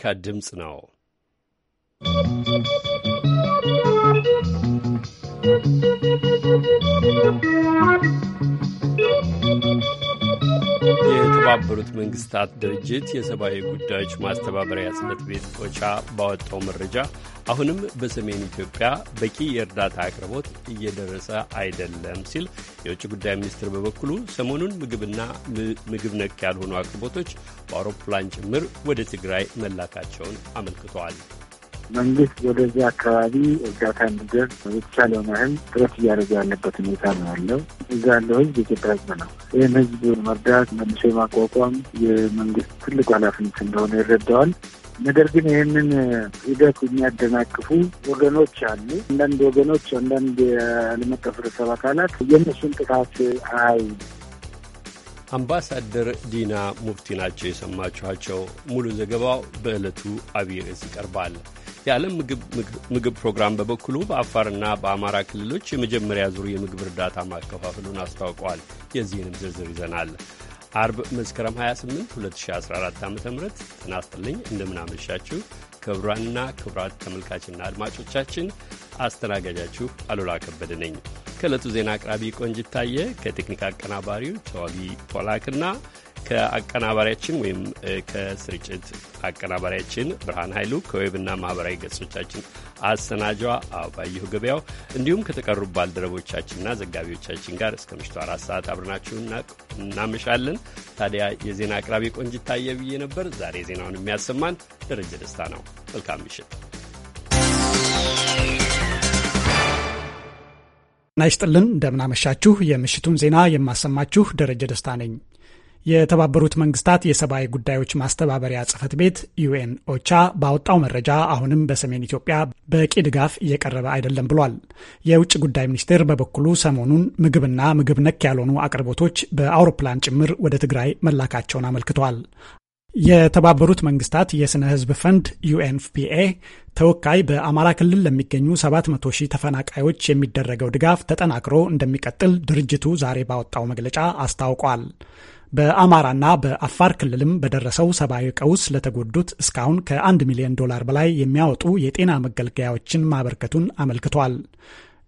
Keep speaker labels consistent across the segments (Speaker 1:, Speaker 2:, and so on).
Speaker 1: የአሜሪካ ድምፅ ነው። ¶¶ የተባበሩት መንግስታት ድርጅት የሰብአዊ ጉዳዮች ማስተባበሪያ ጽሕፈት ቤት ቆቻ ባወጣው መረጃ አሁንም በሰሜን ኢትዮጵያ በቂ የእርዳታ አቅርቦት እየደረሰ አይደለም ሲል፣ የውጭ ጉዳይ ሚኒስትር በበኩሉ ሰሞኑን ምግብና ምግብ ነክ ያልሆኑ አቅርቦቶች በአውሮፕላን ጭምር ወደ ትግራይ መላካቸውን አመልክተዋል።
Speaker 2: መንግስት ወደዚያ አካባቢ እርዳታ እንዲደርስ የተቻለውን ያህል ጥረት እያደረገ ያለበት ሁኔታ ነው ያለው። እዛ ያለው ህዝብ የኢትዮጵያ ህዝብ ነው። ይህን ህዝብ መርዳት፣ መልሶ የማቋቋም የመንግስት ትልቁ ኃላፊነት እንደሆነ ይረዳዋል። ነገር ግን ይህንን ሂደት የሚያደናቅፉ ወገኖች አሉ። አንዳንድ ወገኖች፣ አንዳንድ የዓለም አቀፍ ህብረተሰብ አካላት የእነሱን ጥቃት
Speaker 1: አይ አምባሳደር ዲና ሙፍቲ ናቸው የሰማችኋቸው። ሙሉ ዘገባው በዕለቱ አብይ ርዕስ ይቀርባል። የዓለም ምግብ ፕሮግራም በበኩሉ በአፋርና በአማራ ክልሎች የመጀመሪያ ዙር የምግብ እርዳታ ማከፋፈሉን አስታውቀዋል። የዚህንም ዝርዝር ይዘናል። አርብ መስከረም 28 2014 ዓ ም ጤና ይስጥልኝ። እንደምናመሻችሁ ክቡራንና ክቡራት ተመልካችና አድማጮቻችን አስተናጋጃችሁ አሉላ ከበደ ነኝ። ከዕለቱ ዜና አቅራቢ ቆንጅታየ ከቴክኒክ አቀናባሪው ተዋቢ ፖላክና ከአቀናባሪያችን ወይም ከስርጭት አቀናባሪያችን ብርሃን ኃይሉ ከዌብና ማህበራዊ ገጾቻችን አሰናጇ አባየሁ ገበያው እንዲሁም ከተቀሩ ባልደረቦቻችንና ዘጋቢዎቻችን ጋር እስከ ምሽቱ አራት ሰዓት አብረናችሁ እናመሻለን። ታዲያ የዜና አቅራቢ ቆንጅ ታየ ብዬ ነበር። ዛሬ ዜናውን የሚያሰማን ደረጀ ደስታ ነው። መልካም ምሽት
Speaker 3: ናይስጥልን እንደምናመሻችሁ። የምሽቱን ዜና የማሰማችሁ ደረጀ ደስታ ነኝ። የተባበሩት መንግስታት የሰብአዊ ጉዳዮች ማስተባበሪያ ጽህፈት ቤት ዩኤን ኦቻ ባወጣው መረጃ አሁንም በሰሜን ኢትዮጵያ በቂ ድጋፍ እየቀረበ አይደለም ብሏል። የውጭ ጉዳይ ሚኒስቴር በበኩሉ ሰሞኑን ምግብና ምግብ ነክ ያልሆኑ አቅርቦቶች በአውሮፕላን ጭምር ወደ ትግራይ መላካቸውን አመልክቷል። የተባበሩት መንግስታት የስነ ህዝብ ፈንድ ዩኤንፍፒኤ ተወካይ በአማራ ክልል ለሚገኙ 700 ሺህ ተፈናቃዮች የሚደረገው ድጋፍ ተጠናክሮ እንደሚቀጥል ድርጅቱ ዛሬ ባወጣው መግለጫ አስታውቋል። በአማራና በአፋር ክልልም በደረሰው ሰብአዊ ቀውስ ለተጎዱት እስካሁን ከአንድ ሚሊዮን ዶላር በላይ የሚያወጡ የጤና መገልገያዎችን ማበርከቱን አመልክቷል።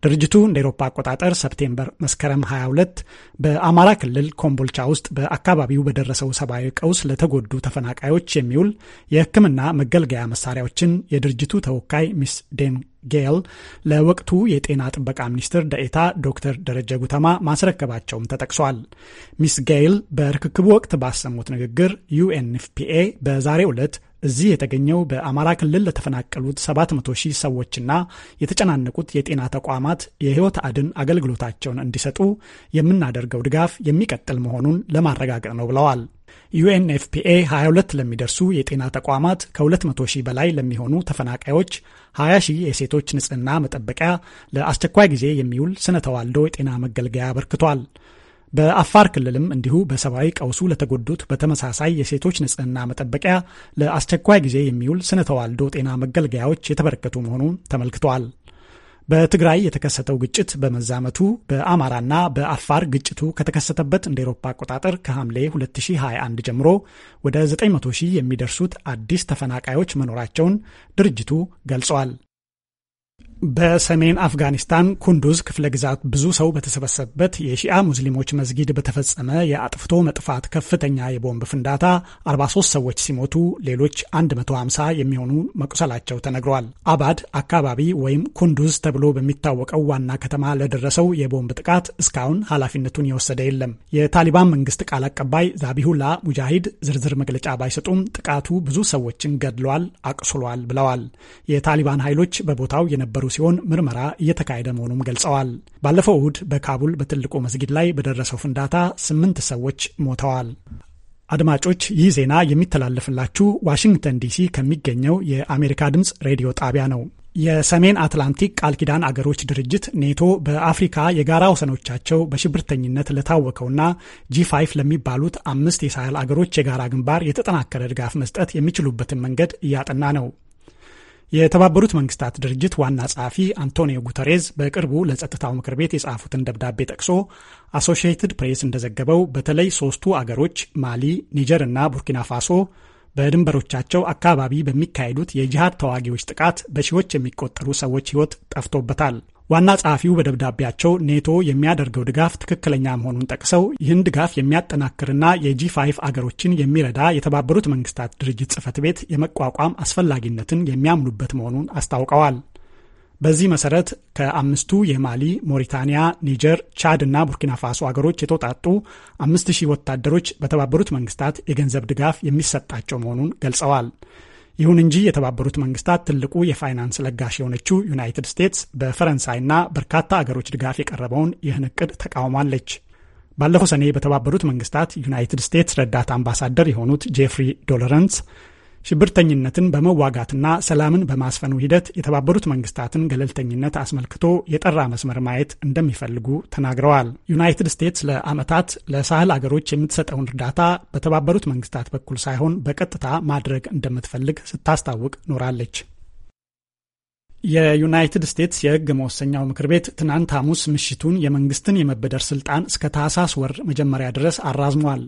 Speaker 3: ድርጅቱ እንደ ኤሮፓ አቆጣጠር ሰፕቴምበር መስከረም 22 በአማራ ክልል ኮምቦልቻ ውስጥ በአካባቢው በደረሰው ሰብአዊ ቀውስ ለተጎዱ ተፈናቃዮች የሚውል የሕክምና መገልገያ መሳሪያዎችን የድርጅቱ ተወካይ ሚስ ዴን ጌል ለወቅቱ የጤና ጥበቃ ሚኒስትር ደኤታ ዶክተር ደረጀ ጉተማ ማስረከባቸውም ተጠቅሷል። ሚስ ጌይል በርክክቡ ወቅት ባሰሙት ንግግር ዩኤንኤፍፒኤ በዛሬው ዕለት እዚህ የተገኘው በአማራ ክልል ለተፈናቀሉት 700 ሺህ ሰዎችና የተጨናነቁት የጤና ተቋማት የህይወት አድን አገልግሎታቸውን እንዲሰጡ የምናደርገው ድጋፍ የሚቀጥል መሆኑን ለማረጋገጥ ነው ብለዋል። ዩኤንኤፍፒኤ 22 ለሚደርሱ የጤና ተቋማት ከ200 ሺህ በላይ ለሚሆኑ ተፈናቃዮች 20 ሺህ የሴቶች ንጽህና መጠበቂያ፣ ለአስቸኳይ ጊዜ የሚውል ስነ ተዋልዶ የጤና መገልገያ አበርክቷል። በአፋር ክልልም እንዲሁ በሰብአዊ ቀውሱ ለተጎዱት በተመሳሳይ የሴቶች ንጽህና መጠበቂያ ለአስቸኳይ ጊዜ የሚውል ስነ ተዋልዶ ጤና መገልገያዎች የተበረከቱ መሆኑን ተመልክቷል። በትግራይ የተከሰተው ግጭት በመዛመቱ በአማራና በአፋር ግጭቱ ከተከሰተበት እንደ ኤሮፓ አቆጣጠር ከሐምሌ 2021 ጀምሮ ወደ 900 ሺህ የሚደርሱት አዲስ ተፈናቃዮች መኖራቸውን ድርጅቱ ገልጿል። በሰሜን አፍጋኒስታን ኩንዱዝ ክፍለ ግዛት ብዙ ሰው በተሰበሰበበት የሺያ ሙስሊሞች መስጊድ በተፈጸመ የአጥፍቶ መጥፋት ከፍተኛ የቦምብ ፍንዳታ 43 ሰዎች ሲሞቱ ሌሎች 150 የሚሆኑ መቁሰላቸው ተነግረዋል። አባድ አካባቢ ወይም ኩንዱዝ ተብሎ በሚታወቀው ዋና ከተማ ለደረሰው የቦምብ ጥቃት እስካሁን ኃላፊነቱን የወሰደ የለም። የታሊባን መንግስት ቃል አቀባይ ዛቢሁላ ሙጃሂድ ዝርዝር መግለጫ ባይሰጡም ጥቃቱ ብዙ ሰዎችን ገድሏል አቁስሏል ብለዋል። የታሊባን ኃይሎች በቦታው የነበሩ ሲሆን ምርመራ እየተካሄደ መሆኑም ገልጸዋል። ባለፈው እሁድ በካቡል በትልቁ መስጊድ ላይ በደረሰው ፍንዳታ ስምንት ሰዎች ሞተዋል። አድማጮች ይህ ዜና የሚተላለፍላችሁ ዋሽንግተን ዲሲ ከሚገኘው የአሜሪካ ድምፅ ሬዲዮ ጣቢያ ነው። የሰሜን አትላንቲክ ቃል ኪዳን አገሮች ድርጅት ኔቶ በአፍሪካ የጋራ ወሰኖቻቸው በሽብርተኝነት ለታወቀውና ጂ5 ለሚባሉት አምስት የሳህል አገሮች የጋራ ግንባር የተጠናከረ ድጋፍ መስጠት የሚችሉበትን መንገድ እያጠና ነው። የተባበሩት መንግስታት ድርጅት ዋና ጸሐፊ አንቶኒዮ ጉተሬዝ በቅርቡ ለጸጥታው ምክር ቤት የጻፉትን ደብዳቤ ጠቅሶ አሶሺየትድ ፕሬስ እንደዘገበው በተለይ ሶስቱ አገሮች ማሊ፣ ኒጀር እና ቡርኪና ፋሶ በድንበሮቻቸው አካባቢ በሚካሄዱት የጂሃድ ተዋጊዎች ጥቃት በሺዎች የሚቆጠሩ ሰዎች ሕይወት ጠፍቶበታል። ዋና ጸሐፊው በደብዳቤያቸው ኔቶ የሚያደርገው ድጋፍ ትክክለኛ መሆኑን ጠቅሰው ይህን ድጋፍ የሚያጠናክርና የጂ ፋይቭ አገሮችን የሚረዳ የተባበሩት መንግስታት ድርጅት ጽህፈት ቤት የመቋቋም አስፈላጊነትን የሚያምኑበት መሆኑን አስታውቀዋል። በዚህ መሰረት ከአምስቱ የማሊ፣ ሞሪታኒያ፣ ኒጀር፣ ቻድ እና ቡርኪና ፋሶ አገሮች የተውጣጡ አምስት ሺህ ወታደሮች በተባበሩት መንግስታት የገንዘብ ድጋፍ የሚሰጣቸው መሆኑን ገልጸዋል። ይሁን እንጂ የተባበሩት መንግስታት ትልቁ የፋይናንስ ለጋሽ የሆነችው ዩናይትድ ስቴትስ በፈረንሳይና በርካታ አገሮች ድጋፍ የቀረበውን ይህን እቅድ ተቃውማለች። ባለፈው ሰኔ በተባበሩት መንግስታት ዩናይትድ ስቴትስ ረዳት አምባሳደር የሆኑት ጄፍሪ ዶለረንስ ሽብርተኝነትን በመዋጋትና ሰላምን በማስፈኑ ሂደት የተባበሩት መንግስታትን ገለልተኝነት አስመልክቶ የጠራ መስመር ማየት እንደሚፈልጉ ተናግረዋል። ዩናይትድ ስቴትስ ለዓመታት ለሳህል አገሮች የምትሰጠውን እርዳታ በተባበሩት መንግስታት በኩል ሳይሆን በቀጥታ ማድረግ እንደምትፈልግ ስታስታውቅ ኖራለች። የዩናይትድ ስቴትስ የህግ መወሰኛው ምክር ቤት ትናንት ሐሙስ ምሽቱን የመንግስትን የመበደር ስልጣን እስከ ታህሳስ ወር መጀመሪያ ድረስ አራዝሟል።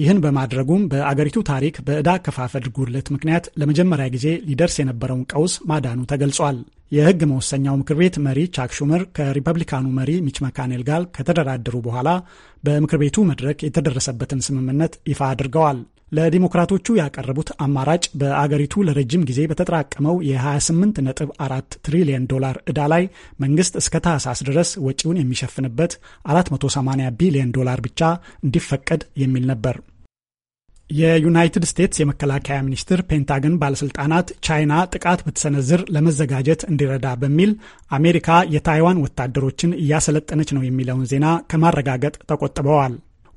Speaker 3: ይህን በማድረጉም በአገሪቱ ታሪክ በዕዳ ከፋፈድ ጉድለት ምክንያት ለመጀመሪያ ጊዜ ሊደርስ የነበረውን ቀውስ ማዳኑ ተገልጿል። የህግ መወሰኛው ምክር ቤት መሪ ቻክ ሹመር ከሪፐብሊካኑ መሪ ሚች መካኔል ጋር ከተደራደሩ በኋላ በምክር ቤቱ መድረክ የተደረሰበትን ስምምነት ይፋ አድርገዋል። ለዲሞክራቶቹ ያቀረቡት አማራጭ በአገሪቱ ለረጅም ጊዜ በተጠራቀመው የ28.4 ትሪሊየን ዶላር ዕዳ ላይ መንግስት እስከ ታህሳስ ድረስ ወጪውን የሚሸፍንበት 480 ቢሊዮን ዶላር ብቻ እንዲፈቀድ የሚል ነበር። የዩናይትድ ስቴትስ የመከላከያ ሚኒስትር ፔንታገን ባለስልጣናት ቻይና ጥቃት ብትሰነዝር ለመዘጋጀት እንዲረዳ በሚል አሜሪካ የታይዋን ወታደሮችን እያሰለጠነች ነው የሚለውን ዜና ከማረጋገጥ ተቆጥበዋል።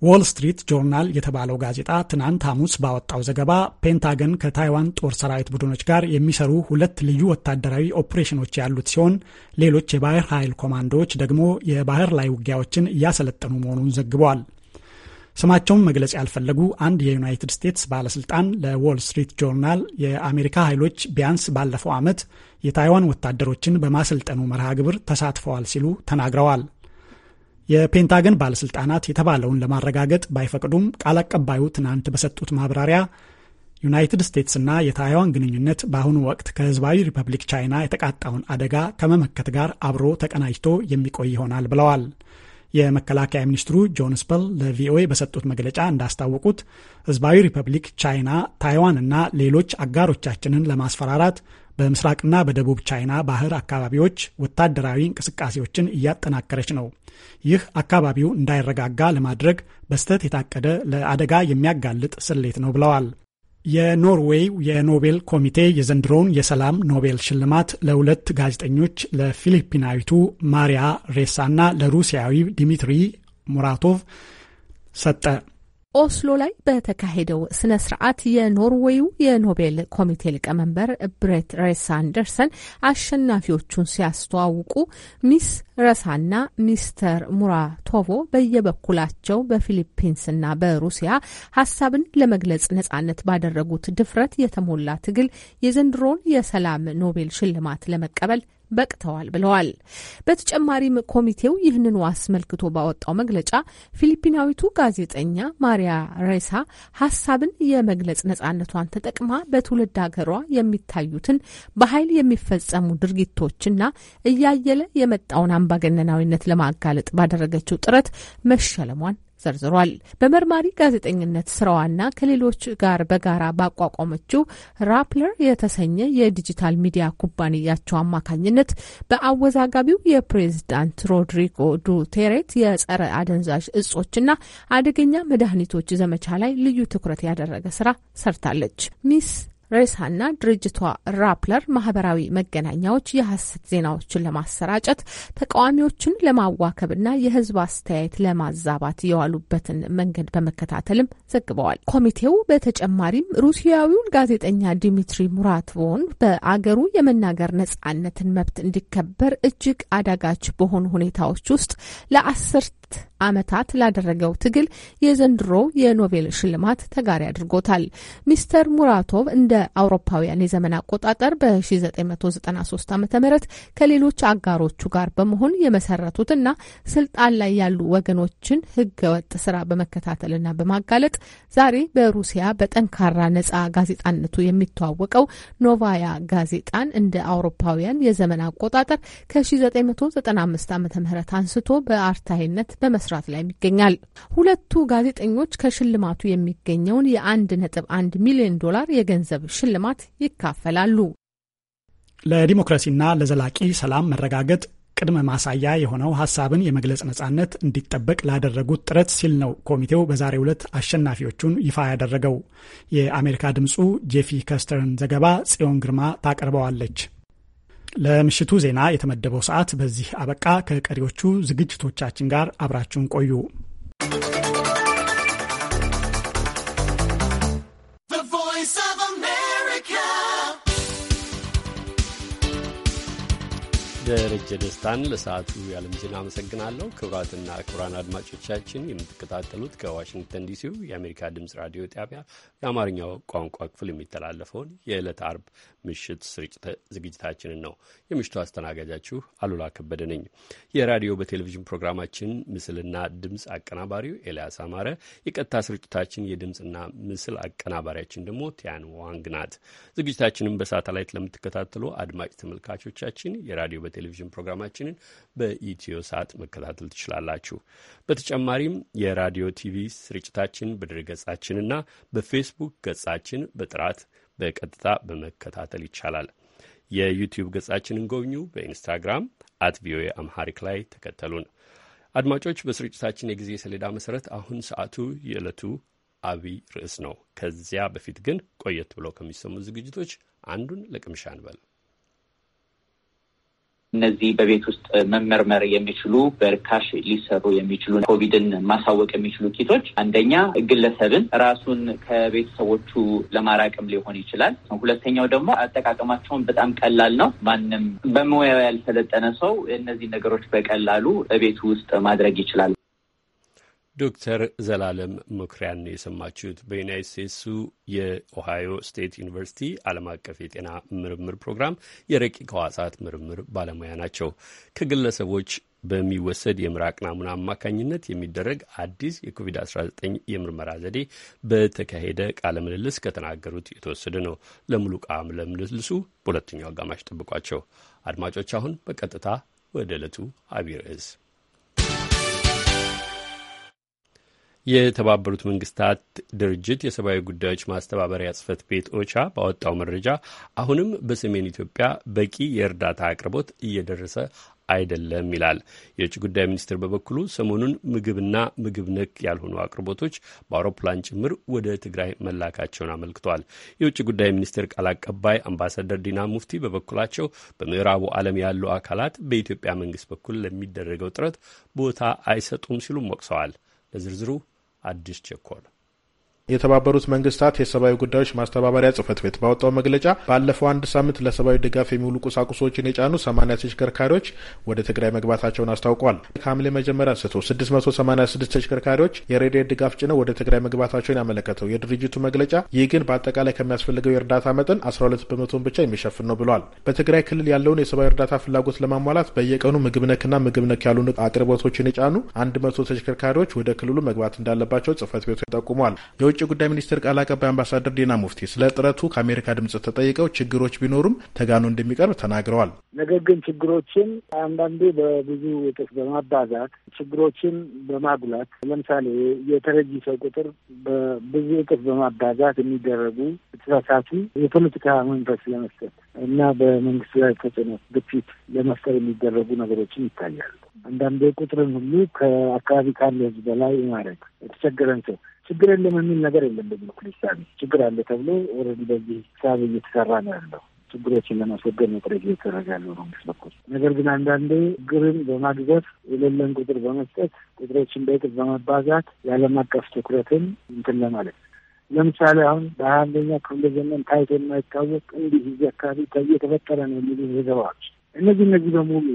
Speaker 3: ዎል ስትሪት ጆርናል የተባለው ጋዜጣ ትናንት ሐሙስ ባወጣው ዘገባ ፔንታገን ከታይዋን ጦር ሰራዊት ቡድኖች ጋር የሚሰሩ ሁለት ልዩ ወታደራዊ ኦፕሬሽኖች ያሉት ሲሆን ሌሎች የባህር ኃይል ኮማንዶዎች ደግሞ የባህር ላይ ውጊያዎችን እያሰለጠኑ መሆኑን ዘግበዋል። ስማቸውን መግለጽ ያልፈለጉ አንድ የዩናይትድ ስቴትስ ባለስልጣን ለዎል ስትሪት ጆርናል የአሜሪካ ኃይሎች ቢያንስ ባለፈው ዓመት የታይዋን ወታደሮችን በማሰልጠኑ መርሃ ግብር ተሳትፈዋል ሲሉ ተናግረዋል። የፔንታገን ባለስልጣናት የተባለውን ለማረጋገጥ ባይፈቅዱም ቃል አቀባዩ ትናንት በሰጡት ማብራሪያ ዩናይትድ ስቴትስና የታይዋን ግንኙነት በአሁኑ ወቅት ከህዝባዊ ሪፐብሊክ ቻይና የተቃጣውን አደጋ ከመመከት ጋር አብሮ ተቀናጅቶ የሚቆይ ይሆናል ብለዋል። የመከላከያ ሚኒስትሩ ጆን ስፐል ለቪኦኤ በሰጡት መግለጫ እንዳስታወቁት ህዝባዊ ሪፐብሊክ ቻይና ታይዋንና ሌሎች አጋሮቻችንን ለማስፈራራት በምስራቅና በደቡብ ቻይና ባህር አካባቢዎች ወታደራዊ እንቅስቃሴዎችን እያጠናከረች ነው። ይህ አካባቢው እንዳይረጋጋ ለማድረግ በስተት የታቀደ ለአደጋ የሚያጋልጥ ስሌት ነው ብለዋል። የኖርዌይ የኖቤል ኮሚቴ የዘንድሮውን የሰላም ኖቤል ሽልማት ለሁለት ጋዜጠኞች ለፊሊፒናዊቱ ማሪያ ሬሳና ለሩሲያዊ ዲሚትሪ ሙራቶቭ ሰጠ።
Speaker 4: ኦስሎ ላይ በተካሄደው ስነ ስርዓት የኖርዌዩ የኖቤል ኮሚቴ ሊቀመንበር ብሬት ሬስ አንደርሰን አሸናፊዎቹን ሲያስተዋውቁ ሚስ ረሳና ሚስተር ሙራቶቮ በየበኩላቸው በፊሊፒንስና በሩሲያ ሀሳብን ለመግለጽ ነጻነት ባደረጉት ድፍረት የተሞላ ትግል የዘንድሮውን የሰላም ኖቤል ሽልማት ለመቀበል በቅተዋል ብለዋል። በተጨማሪም ኮሚቴው ይህንኑ አስመልክቶ ባወጣው መግለጫ ፊሊፒናዊቱ ጋዜጠኛ ማሪያ ሬሳ ሀሳብን የመግለጽ ነጻነቷን ተጠቅማ በትውልድ ሀገሯ የሚታዩትን በኃይል የሚፈጸሙ ድርጊቶችና እያየለ የመጣውን አምባገነናዊነት ለማጋለጥ ባደረገችው ጥረት መሸለሟን ዘርዝሯል። በመርማሪ ጋዜጠኝነት ስራዋና ከሌሎች ጋር በጋራ ባቋቋመችው ራፕለር የተሰኘ የዲጂታል ሚዲያ ኩባንያቸው አማካኝነት በአወዛጋቢው የፕሬዝዳንት ሮድሪጎ ዱቴሬት የጸረ አደንዛዥ እጾችና አደገኛ መድኃኒቶች ዘመቻ ላይ ልዩ ትኩረት ያደረገ ስራ ሰርታለች። ሚስ ሬሳና ድርጅቷ ራፕለር ማህበራዊ መገናኛዎች የሐሰት ዜናዎችን ለማሰራጨት ተቃዋሚዎችን ለማዋከብና የህዝብ አስተያየት ለማዛባት የዋሉበትን መንገድ በመከታተልም ዘግበዋል። ኮሚቴው በተጨማሪም ሩሲያዊውን ጋዜጠኛ ዲሚትሪ ሙራትቮን በአገሩ የመናገር ነጻነትን መብት እንዲከበር እጅግ አዳጋች በሆኑ ሁኔታዎች ውስጥ ለአስርት አራት ዓመታት ላደረገው ትግል የዘንድሮ የኖቤል ሽልማት ተጋሪ አድርጎታል። ሚስተር ሙራቶቭ እንደ አውሮፓውያን የዘመን አቆጣጠር በ1993 ዓ ም ከሌሎች አጋሮቹ ጋር በመሆን የመሰረቱትና ስልጣን ላይ ያሉ ወገኖችን ህገወጥ ስራ በመከታተልና በማጋለጥ ዛሬ በሩሲያ በጠንካራ ነጻ ጋዜጣነቱ የሚተዋወቀው ኖቫያ ጋዜጣን እንደ አውሮፓውያን የዘመን አቆጣጠር ከ1995 ዓ ም አንስቶ በአርታይነት በመስራት ላይ ይገኛል። ሁለቱ ጋዜጠኞች ከሽልማቱ የሚገኘውን የአንድ ነጥብ አንድ ሚሊዮን ዶላር የገንዘብ ሽልማት ይካፈላሉ።
Speaker 3: ለዲሞክራሲና ለዘላቂ ሰላም መረጋገጥ ቅድመ ማሳያ የሆነው ሀሳብን የመግለጽ ነጻነት እንዲጠበቅ ላደረጉት ጥረት ሲል ነው ኮሚቴው በዛሬው ዕለት አሸናፊዎቹን ይፋ ያደረገው። የአሜሪካ ድምፁ ጄፊ ከስተርን ዘገባ ጽዮን ግርማ ታቀርበዋለች። ለምሽቱ ዜና የተመደበው ሰዓት በዚህ አበቃ። ከቀሪዎቹ ዝግጅቶቻችን ጋር አብራችሁን ቆዩ።
Speaker 1: ደረጀ ደስታን ለሰዓቱ የዓለም ዜና አመሰግናለሁ። ክቡራትና ክቡራን አድማጮቻችን የምትከታተሉት ከዋሽንግተን ዲሲው የአሜሪካ ድምፅ ራዲዮ ጣቢያ የአማርኛው ቋንቋ ክፍል የሚተላለፈውን የዕለት አርብ ምሽት ስርጭት ዝግጅታችንን ነው። የምሽቱ አስተናጋጃችሁ አሉላ ከበደ ነኝ። የራዲዮ በቴሌቪዥን ፕሮግራማችን ምስልና ድምፅ አቀናባሪው ኤልያስ አማረ፣ የቀጥታ ስርጭታችን የድምፅና ምስል አቀናባሪያችን ደግሞ ቲያን ዋንግ ናት። ዝግጅታችንን በሳተላይት ለምትከታተሉ አድማጭ ተመልካቾቻችን የራዲዮ በቴ የቴሌቪዥን ፕሮግራማችንን በኢትዮ ሳት መከታተል ትችላላችሁ። በተጨማሪም የራዲዮ ቲቪ ስርጭታችን በድረ ገጻችንና በፌስቡክ ገጻችን በጥራት በቀጥታ በመከታተል ይቻላል። የዩቲዩብ ገጻችንን ጎብኙ። በኢንስታግራም አት ቪኦኤ አምሃሪክ ላይ ተከተሉን። አድማጮች በስርጭታችን የጊዜ ሰሌዳ መሰረት አሁን ሰዓቱ የዕለቱ አብይ ርዕስ ነው። ከዚያ በፊት ግን ቆየት ብለው ከሚሰሙ ዝግጅቶች አንዱን ለቅምሻ እንበል። እነዚህ
Speaker 5: በቤት ውስጥ መመርመር የሚችሉ በርካሽ ሊሰሩ የሚችሉ ኮቪድን ማሳወቅ የሚችሉ ኪቶች አንደኛ ግለሰብን ራሱን ከቤተሰቦቹ ለማራቅም ሊሆን ይችላል። ሁለተኛው ደግሞ አጠቃቀማቸውን በጣም ቀላል ነው። ማንም በሙያው ያልሰለጠነ ሰው እነዚህ ነገሮች በቀላሉ ቤቱ ውስጥ ማድረግ ይችላል።
Speaker 1: ዶክተር ዘላለም መኩሪያን ነው የሰማችሁት። በዩናይት ስቴትሱ የኦሃዮ ስቴት ዩኒቨርሲቲ ዓለም አቀፍ የጤና ምርምር ፕሮግራም የረቂቅ ሕዋሳት ምርምር ባለሙያ ናቸው። ከግለሰቦች በሚወሰድ የምራቅ ናሙና አማካኝነት የሚደረግ አዲስ የኮቪድ-19 የምርመራ ዘዴ በተካሄደ ቃለ ምልልስ ከተናገሩት የተወሰደ ነው። ለሙሉ ቃለ ምልልሱ በሁለተኛው አጋማሽ ጠብቋቸው አድማጮች። አሁን በቀጥታ ወደ ዕለቱ አቢይ ርዕስ የተባበሩት መንግስታት ድርጅት የሰብአዊ ጉዳዮች ማስተባበሪያ ጽህፈት ቤት ኦቻ ባወጣው መረጃ አሁንም በሰሜን ኢትዮጵያ በቂ የእርዳታ አቅርቦት እየደረሰ አይደለም ይላል። የውጭ ጉዳይ ሚኒስትር በበኩሉ ሰሞኑን ምግብና ምግብ ነክ ያልሆኑ አቅርቦቶች በአውሮፕላን ጭምር ወደ ትግራይ መላካቸውን አመልክቷል። የውጭ ጉዳይ ሚኒስትር ቃል አቀባይ አምባሳደር ዲና ሙፍቲ በበኩላቸው በምዕራቡ ዓለም ያሉ አካላት በኢትዮጵያ መንግስት በኩል ለሚደረገው ጥረት ቦታ አይሰጡም ሲሉም ወቅሰዋል። ለዝርዝሩ አዲስ ቸኮል
Speaker 6: የተባበሩት መንግስታት የሰብአዊ ጉዳዮች ማስተባበሪያ ጽህፈት ቤት ባወጣው መግለጫ ባለፈው አንድ ሳምንት ለሰብአዊ ድጋፍ የሚውሉ ቁሳቁሶችን የጫኑ 80 ተሽከርካሪዎች ወደ ትግራይ መግባታቸውን አስታውቋል። ከሐምሌ መጀመሪያ አንስቶ 686 ተሽከርካሪዎች የሬዲዮ ድጋፍ ጭነው ወደ ትግራይ መግባታቸውን ያመለከተው የድርጅቱ መግለጫ ይህ ግን በአጠቃላይ ከሚያስፈልገው የእርዳታ መጠን 12 በመቶን ብቻ የሚሸፍን ነው ብሏል። በትግራይ ክልል ያለውን የሰብአዊ እርዳታ ፍላጎት ለማሟላት በየቀኑ ምግብ ነክና ምግብ ነክ ያልሆኑ አቅርቦቶችን የጫኑ 100 ተሽከርካሪዎች ወደ ክልሉ መግባት እንዳለባቸው ጽህፈት ቤቱ ጠቁሟል። የውጭ የውጭ ጉዳይ ሚኒስቴር ቃል አቀባይ አምባሳደር ዲና ሙፍቲ ስለ ጥረቱ ከአሜሪካ ድምጽ ተጠይቀው ችግሮች ቢኖሩም ተጋኖ እንደሚቀርብ ተናግረዋል።
Speaker 2: ነገር ግን ችግሮችን አንዳንዴ በብዙ እጥፍ በማባዛት ችግሮችን በማጉላት ለምሳሌ የተረጂ ሰው ቁጥር በብዙ እጥፍ በማባዛት የሚደረጉ ተሳሳቱ የፖለቲካ መንፈስ ለመስጠት እና በመንግስት ላይ ተጽዕኖ ግፊት ለመፍጠር የሚደረጉ ነገሮችን ይታያሉ። አንዳንዴ ቁጥርን ሁሉ ከአካባቢ ካለ ህዝብ በላይ ማድረግ የተቸገረን ሰው ችግር የለም የሚል ነገር የለም። በዚህ በኩል ሳቢ ችግር አለ ተብሎ ኦልሬዲ በዚህ ሳቢ እየተሰራ ነው ያለው። ችግሮችን ለማስወገድ ነው ጥረት እየተደረገ ያለው መንግስት በኩል። ነገር ግን አንዳንዴ ችግርን በማግዘፍ የሌለን ቁጥር በመስጠት ቁጥሮችን በቅጥ በመባዛት የዓለም አቀፍ ትኩረትን እንትን ለማለት ለምሳሌ አሁን በሀያ አንደኛ ክፍለ ዘመን ታይቶ የማይታወቅ እንዲህ እዚህ አካባቢ የተፈጠረ ነው የሚሉ ዘገባዎች እነዚህ እነዚህ በሙሉ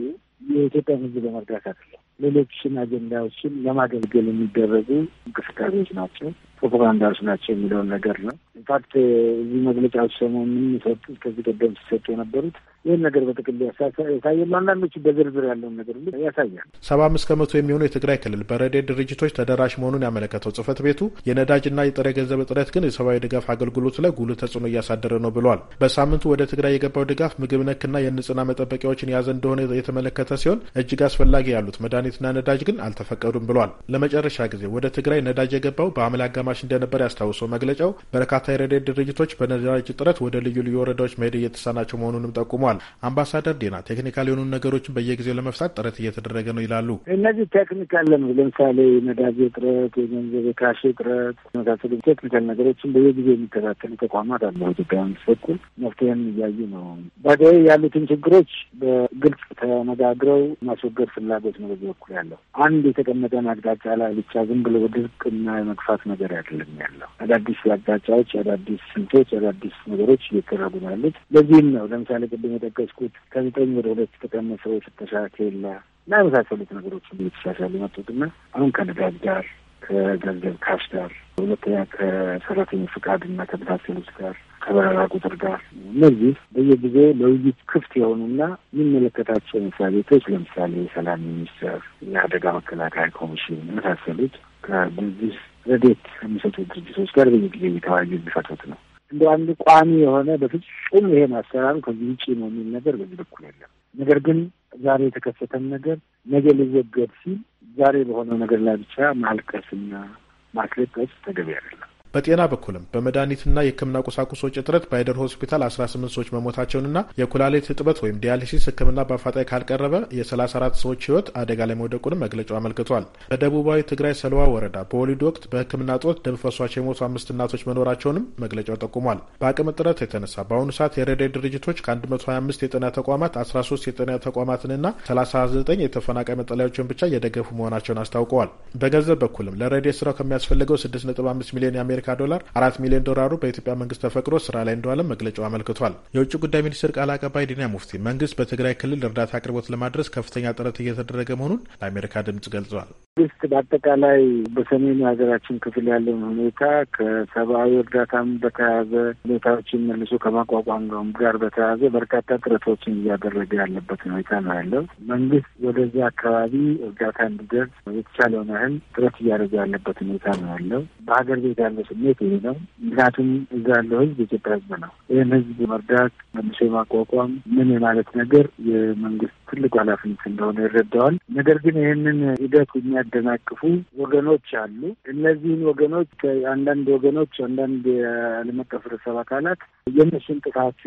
Speaker 2: የኢትዮጵያን ሕዝብ ለመርዳት አይደለም ሌሎችን አጀንዳዎችን ለማገልገል የሚደረጉ እንቅስቃሴዎች ናቸው፣ ፕሮፓጋንዳዎች ናቸው የሚለውን ነገር ነው። ኢንፋክት እዚህ መግለጫ ሰሞኑን የሚሰጡት ከዚህ ቀደም ሲሰጡ የነበሩት ይህን ነገር በጥቅል ያሳያሉ። አንዳንዶች በዝርዝር ያለውን ነገር ያሳያል።
Speaker 6: ሰባ አምስት ከመቶ የሚሆኑ የትግራይ ክልል በረድኤት ድርጅቶች ተደራሽ መሆኑን ያመለከተው ጽህፈት ቤቱ የነዳጅና የጥሬ ገንዘብ እጥረት ግን የሰብአዊ ድጋፍ አገልግሎት ላይ ጉልህ ተጽዕኖ እያሳደረ ነው ብሏል። በሳምንቱ ወደ ትግራይ የገባው ድጋፍ ምግብ ነክና የንጽህና መጠበቂያዎችን የያዘ እንደሆነ የተመለከተ ሲሆን እጅግ አስፈላጊ ያሉት መድኃኒ መድኃኒትና ነዳጅ ግን አልተፈቀዱም ብሏል። ለመጨረሻ ጊዜ ወደ ትግራይ ነዳጅ የገባው በሐምሌ አጋማሽ እንደነበር ያስታውሰው መግለጫው በርካታ የረድኤት ድርጅቶች በነዳጅ እጥረት ወደ ልዩ ልዩ ወረዳዎች መሄድ እየተሳናቸው መሆኑንም ጠቁሟል። አምባሳደር ዴና ቴክኒካል የሆኑ ነገሮችን በየጊዜው ለመፍታት ጥረት እየተደረገ ነው ይላሉ።
Speaker 2: እነዚህ ቴክኒካል ለምሳሌ ነዳጅ እጥረት፣ የገንዘብ የካሽ እጥረት መሳሰሉ ቴክኒካል ነገሮችን በየጊዜው የሚከታተሉ ተቋማት አለ ኢትዮጵያ በኩል መፍትሄን እያዩ ነው። በደ ያሉትን ችግሮች በግልጽ ተነጋግረው ማስወገድ ፍላጎት ነው በዚህ በኩል ያለው አንድ የተቀመጠን አቅጣጫ ላይ ብቻ ዝም ብሎ ድርቅና የመግፋት ነገር አይደለም ያለው። አዳዲስ አቅጣጫዎች፣ አዳዲስ ስልቶች፣ አዳዲስ ነገሮች እየቀረቡ ነው ያሉት። ለዚህም ነው ለምሳሌ ቅድም የጠቀስኩት ከዘጠኝ ወደ ሁለት የተቀነሰው ፍተሻ ከሌለ እና የመሳሰሉት ነገሮች እየተሻሻሉ የመጡትና አሁን ከነዳጅ ጋር ከገንዘብ ካሽ ጋር ሁለተኛ ከሰራተኞች ፍቃድ እና ከመሳሰሉት ጋር ከበረራ ቁጥር ጋር እነዚህ በየጊዜ ለውይይት ክፍት የሆኑና የሚመለከታቸው መስሪያ ቤቶች ለምሳሌ የሰላም ሚኒስቴር፣ የአደጋ መከላከያ ኮሚሽን የመሳሰሉት ከዚህ ረዴት ከሚሰጡ ድርጅቶች ጋር በየጊዜ እየተወያዩ የሚፈቱት ነው። እንደ አንድ ቋሚ የሆነ በፍጹም ይሄ ማሰራሩ ከዚህ ውጭ ነው የሚል ነገር በዚህ በኩል የለም። ነገር ግን ዛሬ የተከሰተን ነገር ነገ ሊወገድ ሲል ዛሬ በሆነው ነገር ላይ ብቻ ማልቀስና ማስለቀስ ተገቢ አይደለም።
Speaker 6: በጤና በኩልም በመድኃኒትና የሕክምና ቁሳቁሶች እጥረት ባይደር ሆስፒታል 18 ሰዎች መሞታቸውንና የኩላሊት እጥበት ወይም ዲያሊሲስ ሕክምና በአፋጣኝ ካልቀረበ የ34 ሰዎች ሕይወት አደጋ ላይ መውደቁንም መግለጫው አመልክቷል። በደቡባዊ ትግራይ ሰልዋ ወረዳ በወሊድ ወቅት በሕክምና እጦት ደም ፈሷቸው የሞቱ አምስት እናቶች መኖራቸውንም መግለጫው ጠቁሟል። በአቅም እጥረት የተነሳ በአሁኑ ሰዓት የረድኤት ድርጅቶች ከ125 የጤና ተቋማት 13 የጤና ተቋማትንና 39 የተፈናቃይ መጠለያዎችን ብቻ እየደገፉ መሆናቸውን አስታውቀዋል። በገንዘብ በኩልም ለረድኤት ስራው ከሚያስፈልገው 6.5 ሚሊዮን የአሜሪካ የአሜሪካ ዶላር አራት ሚሊዮን ዶላሩ በኢትዮጵያ መንግስት ተፈቅዶ ስራ ላይ እንደዋለም መግለጫው አመልክቷል። የውጭ ጉዳይ ሚኒስትር ቃል አቀባይ ዲና ሙፍቲ መንግስት በትግራይ ክልል እርዳታ አቅርቦት ለማድረስ ከፍተኛ ጥረት እየተደረገ መሆኑን ለአሜሪካ ድምጽ ገልጿል።
Speaker 2: መንግስት በአጠቃላይ በሰሜኑ ሀገራችን ክፍል ያለውን ሁኔታ ከሰብአዊ እርዳታም በተያያዘ ሁኔታዎችን መልሶ ከማቋቋም ጋር በተያያዘ በርካታ ጥረቶችን እያደረገ ያለበት ሁኔታ ነው ያለው። መንግስት ወደዚያ አካባቢ እርዳታ እንዲደርስ የተቻለውን ያህል ጥረት እያደረገ ያለበት ሁኔታ ነው ያለው። በሀገር ቤት ያለ ስሜት ይሄ ነው። ምክንያቱም እዛ ያለው ህዝብ የኢትዮጵያ ህዝብ ነው። ይህን ህዝብ መርዳት፣ መልሶ የማቋቋም ምን የማለት ነገር የመንግስት ትልቁ ኃላፊነት እንደሆነ ይረዳዋል። ነገር ግን ይህንን ሂደት የሚያደናቅፉ ወገኖች አሉ። እነዚህን ወገኖች አንዳንድ ወገኖች አንዳንድ የዓለም አቀፍ ርዕሰብ አካላት የእነሱን ጥፋት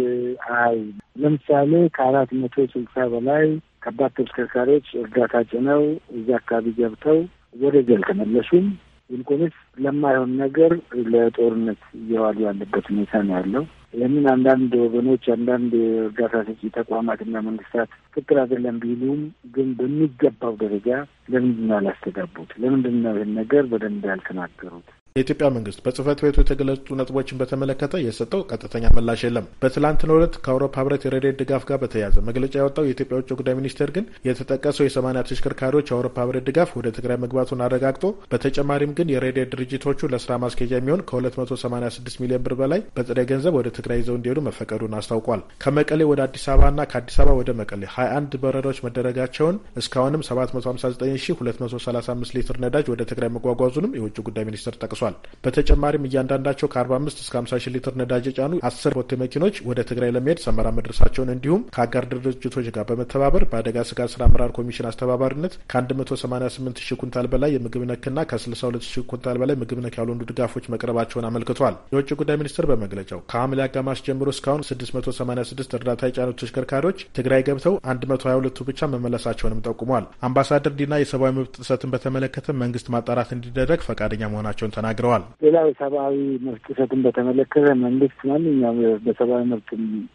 Speaker 2: አይ ለምሳሌ ከአራት መቶ ስልሳ በላይ ከባድ ተሽከርካሪዎች እርዳታ ጭነው እዛ አካባቢ ገብተው ወደዚህ አልተመለሱም። ይልቁንስ ለማይሆን ነገር ለጦርነት እየዋሉ ያለበት ሁኔታ ነው ያለው። ይህንን አንዳንድ ወገኖች አንዳንድ እርዳታ ሰጪ ተቋማትና መንግስታት ትክክል አይደለም ቢሉም ግን በሚገባው ደረጃ ለምንድን ነው ያላስተጋቡት? ለምንድን ነው ይህን ነገር በደንብ
Speaker 6: ያልተናገሩት? የኢትዮጵያ መንግስት በጽህፈት ቤቱ የተገለጹ ነጥቦችን በተመለከተ የሰጠው ቀጥተኛ ምላሽ የለም። በትላንትናው ዕለት ከአውሮፓ ህብረት የረድኤት ድጋፍ ጋር በተያያዘ መግለጫ ያወጣው የኢትዮጵያ ውጭ ጉዳይ ሚኒስቴር ግን የተጠቀሰው የሰማኒያ ተሽከርካሪዎች የአውሮፓ ህብረት ድጋፍ ወደ ትግራይ መግባቱን አረጋግጦ በተጨማሪም ግን የረድኤት ድርጅቶቹ ለስራ ማስኬጃ የሚሆን ከ286 ሚሊዮን ብር በላይ በጥሬ ገንዘብ ወደ ትግራይ ይዘው እንዲሄዱ መፈቀዱን አስታውቋል። ከመቀሌ ወደ አዲስ አበባና ከአዲስ አበባ ወደ መቀሌ 21 በረራዎች መደረጋቸውን እስካሁንም 759235 ሊትር ነዳጅ ወደ ትግራይ መጓጓዙንም የውጭ ጉዳይ ሚኒስቴር ጠቅሷል። ተገልጿል። በተጨማሪም እያንዳንዳቸው ከ45 እስከ 50 ሺህ ሊትር ነዳጅ የጫኑ አስር ቦቴ መኪኖች ወደ ትግራይ ለመሄድ ሰመራ መድረሳቸውን እንዲሁም ከአጋር ድርጅቶች ጋር በመተባበር በአደጋ ስጋት ስራ አመራር ኮሚሽን አስተባባሪነት ከ188 ሺህ ኩንታል በላይ የምግብ ነክና ከ62 ሺህ ኩንታል በላይ ምግብ ነክ ያልሆኑ ድጋፎች መቅረባቸውን አመልክቷል። የውጭ ጉዳይ ሚኒስትር በመግለጫው ከሐምሌ አጋማሽ ጀምሮ እስካሁን 686 እርዳታ የጫኑ ተሽከርካሪዎች ትግራይ ገብተው 122ቱ ብቻ መመለሳቸውንም ጠቁሟል። አምባሳደር ዲና የሰብአዊ መብት ጥሰትን በተመለከተ መንግስት ማጣራት እንዲደረግ ፈቃደኛ መሆናቸውን ተናግ ተናግረዋል።
Speaker 2: ሌላው የሰብአዊ መብት ጥሰትን በተመለከተ መንግስት ማንኛውም በሰብአዊ መብት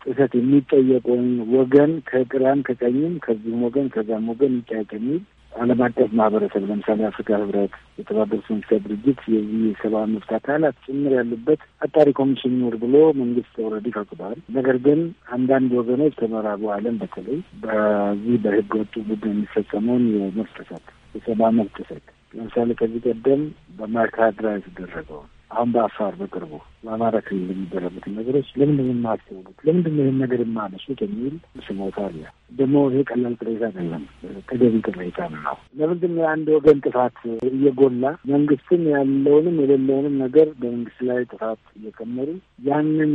Speaker 2: ጥሰት የሚጠየቀውን ወገን ከግራም ከቀኝም ከዚህም ወገን ከዛም ወገን ይጠየቅ የሚል ዓለም አቀፍ ማህበረሰብ ለምሳሌ አፍሪካ ህብረት፣ የተባበሩት መንግስታት ድርጅት የዚህ የሰብአዊ መብት አካላት ጭምር ያሉበት አጣሪ ኮሚሽን ይኖር ብሎ መንግስት ኦልሬዲ ፈቅዷል። ነገር ግን አንዳንድ ወገኖች ተመራቡ ዓለም በተለይ በዚህ በህገ ወጡ ቡድን የሚፈጸመውን የመብት ጥሰት የሰብአዊ መብት ጥሰት ለምሳሌ ከዚህ ቀደም በማይካድራ የተደረገውን አሁን በአፋር በቅርቡ በአማራ ክልል የሚደረጉት ነገሮች ለምንድን ነው የማትወሉት? ለምንድን ነው ይህን ነገር የማነሱት? የሚል ስሞታ አለ። ደግሞ ይሄ ቀላል ቅሬታ አይደለም፣ ተገቢ ቅሬታ ነው። ለምንድን ነው የአንድ ወገን ጥፋት እየጎላ መንግስትም ያለውንም የሌለውንም ነገር በመንግስት ላይ ጥፋት እየከመሩ ያንን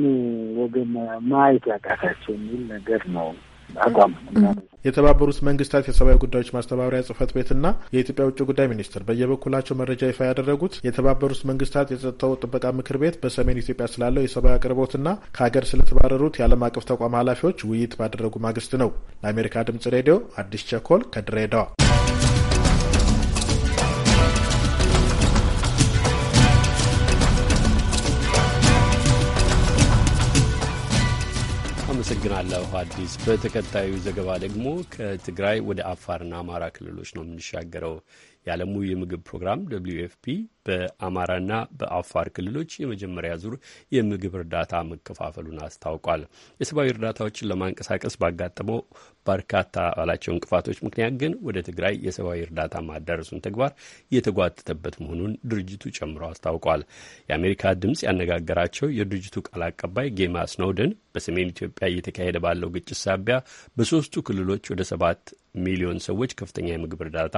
Speaker 2: ወገን ማየት ያቃታቸው የሚል ነገር
Speaker 6: ነው አቋም የተባበሩት መንግስታት የሰብአዊ ጉዳዮች ማስተባበሪያ ጽህፈት ቤትና የኢትዮጵያ ውጭ ጉዳይ ሚኒስትር በየበኩላቸው መረጃ ይፋ ያደረጉት የተባበሩት መንግስታት የጸጥታው ጥበቃ ምክር ቤት በሰሜን ኢትዮጵያ ስላለው የሰብአዊ አቅርቦትና ከሀገር ስለተባረሩት የዓለም አቀፍ ተቋም ኃላፊዎች ውይይት ባደረጉ ማግስት ነው። ለአሜሪካ ድምጽ ሬዲዮ አዲስ ቸኮል ከድሬዳዋ
Speaker 1: አመሰግናለሁ አዲስ። በተከታዩ ዘገባ ደግሞ ከትግራይ ወደ አፋርና አማራ ክልሎች ነው የምንሻገረው። የዓለሙ የምግብ ፕሮግራም ደብልዩ ኤፍፒ በአማራና በአፋር ክልሎች የመጀመሪያ ዙር የምግብ እርዳታ መከፋፈሉን አስታውቋል። የሰብአዊ እርዳታዎችን ለማንቀሳቀስ ባጋጠመው በርካታ ባላቸው እንቅፋቶች ምክንያት ግን ወደ ትግራይ የሰብአዊ እርዳታ ማዳረሱን ተግባር የተጓተተበት መሆኑን ድርጅቱ ጨምሮ አስታውቋል። የአሜሪካ ድምፅ ያነጋገራቸው የድርጅቱ ቃል አቀባይ ጌማ ስኖውደን በሰሜን ኢትዮጵያ እየተካሄደ ባለው ግጭት ሳቢያ በሶስቱ ክልሎች ወደ ሰባት ሚሊዮን ሰዎች ከፍተኛ የምግብ እርዳታ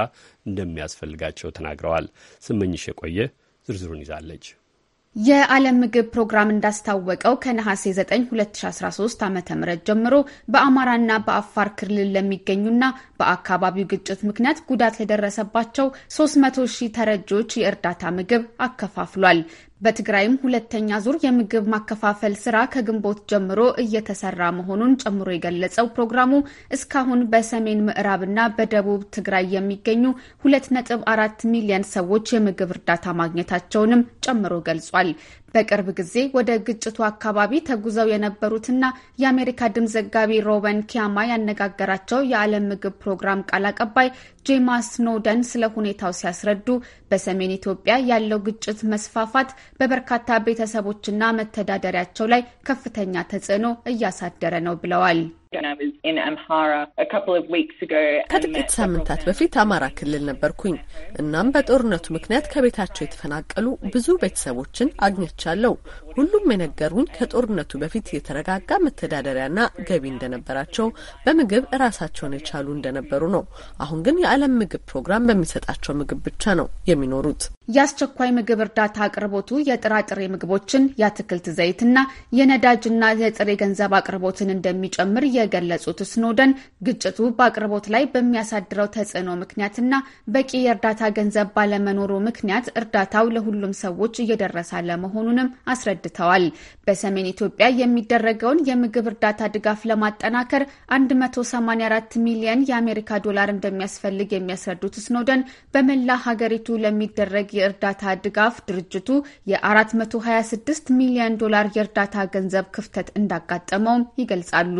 Speaker 1: እንደሚያስፈልጋቸው ተናግረዋል። ስመኝሽ የቆየ ዝርዝሩን ይዛለች።
Speaker 7: የዓለም ምግብ ፕሮግራም እንዳስታወቀው ከነሐሴ 9 2013 ዓ ም ጀምሮ በአማራና በአፋር ክልል ለሚገኙና በአካባቢው ግጭት ምክንያት ጉዳት ለደረሰባቸው 300 ሺህ ተረጂዎች የእርዳታ ምግብ አከፋፍሏል። በትግራይም ሁለተኛ ዙር የምግብ ማከፋፈል ስራ ከግንቦት ጀምሮ እየተሰራ መሆኑን ጨምሮ የገለጸው ፕሮግራሙ እስካሁን በሰሜን ምዕራብና በደቡብ ትግራይ የሚገኙ 2.4 ሚሊዮን ሰዎች የምግብ እርዳታ ማግኘታቸውንም ጨምሮ ገልጿል። በቅርብ ጊዜ ወደ ግጭቱ አካባቢ ተጉዘው የነበሩትና የአሜሪካ ድምፅ ዘጋቢ ሮበን ኪያማ ያነጋገራቸው የዓለም ምግብ ፕሮግራም ቃል አቀባይ ጄማ ስኖደን ስለ ሁኔታው ሲያስረዱ በሰሜን ኢትዮጵያ ያለው ግጭት መስፋፋት በበርካታ ቤተሰቦችና መተዳደሪያቸው ላይ ከፍተኛ ተጽዕኖ እያሳደረ ነው ብለዋል።
Speaker 8: ከጥቂት ሳምንታት በፊት አማራ ክልል ነበርኩኝ። እናም በጦርነቱ ምክንያት ከቤታቸው የተፈናቀሉ ብዙ ቤተሰቦችን አግኝቻለሁ። ሁሉም የነገሩኝ ከጦርነቱ በፊት የተረጋጋ መተዳደሪያና ገቢ እንደነበራቸው፣ በምግብ ራሳቸውን የቻሉ እንደነበሩ ነው።
Speaker 7: አሁን ግን የዓለም ምግብ ፕሮግራም በሚሰጣቸው ምግብ ብቻ ነው የሚኖሩት። የአስቸኳይ ምግብ እርዳታ አቅርቦቱ የጥራጥሬ ምግቦችን፣ የአትክልት ዘይትና የነዳጅና የጥሬ ገንዘብ አቅርቦትን እንደሚጨምር የገለጹት ስኖደን ግጭቱ በአቅርቦት ላይ በሚያሳድረው ተጽዕኖ ምክንያትና በቂ የእርዳታ ገንዘብ ባለመኖሩ ምክንያት እርዳታው ለሁሉም ሰዎች እየደረሰ አለመሆኑንም አስረድተዋል። በሰሜን ኢትዮጵያ የሚደረገውን የምግብ እርዳታ ድጋፍ ለማጠናከር 184 ሚሊየን የአሜሪካ ዶላር እንደሚያስፈልግ የሚያስረዱት ስኖደን በመላ ሀገሪቱ ለሚደረግ የእርዳታ ድጋፍ ድርጅቱ የ426 ሚሊዮን ዶላር የእርዳታ ገንዘብ ክፍተት እንዳጋጠመውም ይገልጻሉ።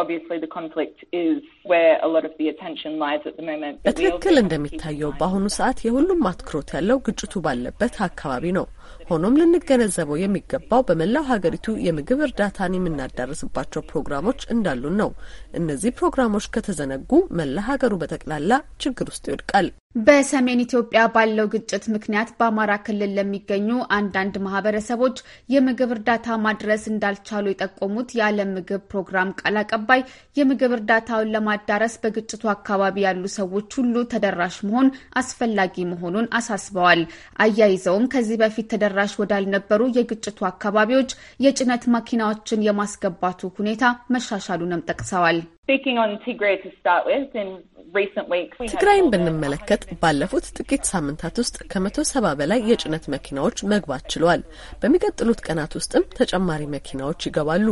Speaker 5: obviously the conflict is where a lot of the attention lies
Speaker 8: at the moment. በትክክል እንደሚታየው በአሁኑ ሰዓት የሁሉም አትኩሮት ያለው ግጭቱ ባለበት አካባቢ ነው። ሆኖም ልንገነዘበው የሚገባው በመላው ሀገሪቱ የምግብ እርዳታን የምናዳረስባቸው ፕሮግራሞች እንዳሉን ነው። እነዚህ ፕሮግራሞች ከተዘነጉ መላ ሀገሩ በጠቅላላ ችግር ውስጥ
Speaker 7: ይወድቃል። በሰሜን ኢትዮጵያ ባለው ግጭት ምክንያት በአማራ ክልል ለሚገኙ አንዳንድ ማህበረሰቦች የምግብ እርዳታ ማድረስ እንዳልቻሉ የጠቆሙት የዓለም ምግብ ፕሮግራም ቃል አቀባይ የምግብ እርዳታውን ለማዳረስ በግጭቱ አካባቢ ያሉ ሰዎች ሁሉ ተደራሽ መሆን አስፈላጊ መሆኑን አሳስበዋል። አያይዘውም ከዚህ በፊት ተደራሽ ወዳልነበሩ የግጭቱ አካባቢዎች የጭነት መኪናዎችን የማስገባቱ ሁኔታ መሻሻሉንም ጠቅሰዋል።
Speaker 5: ትግራይን
Speaker 8: ብንመለከት ባለፉት ጥቂት ሳምንታት ውስጥ ከመቶ ሰባ በላይ የጭነት መኪናዎች መግባት ችለዋል። በሚቀጥሉት ቀናት ውስጥም ተጨማሪ መኪናዎች ይገባሉ።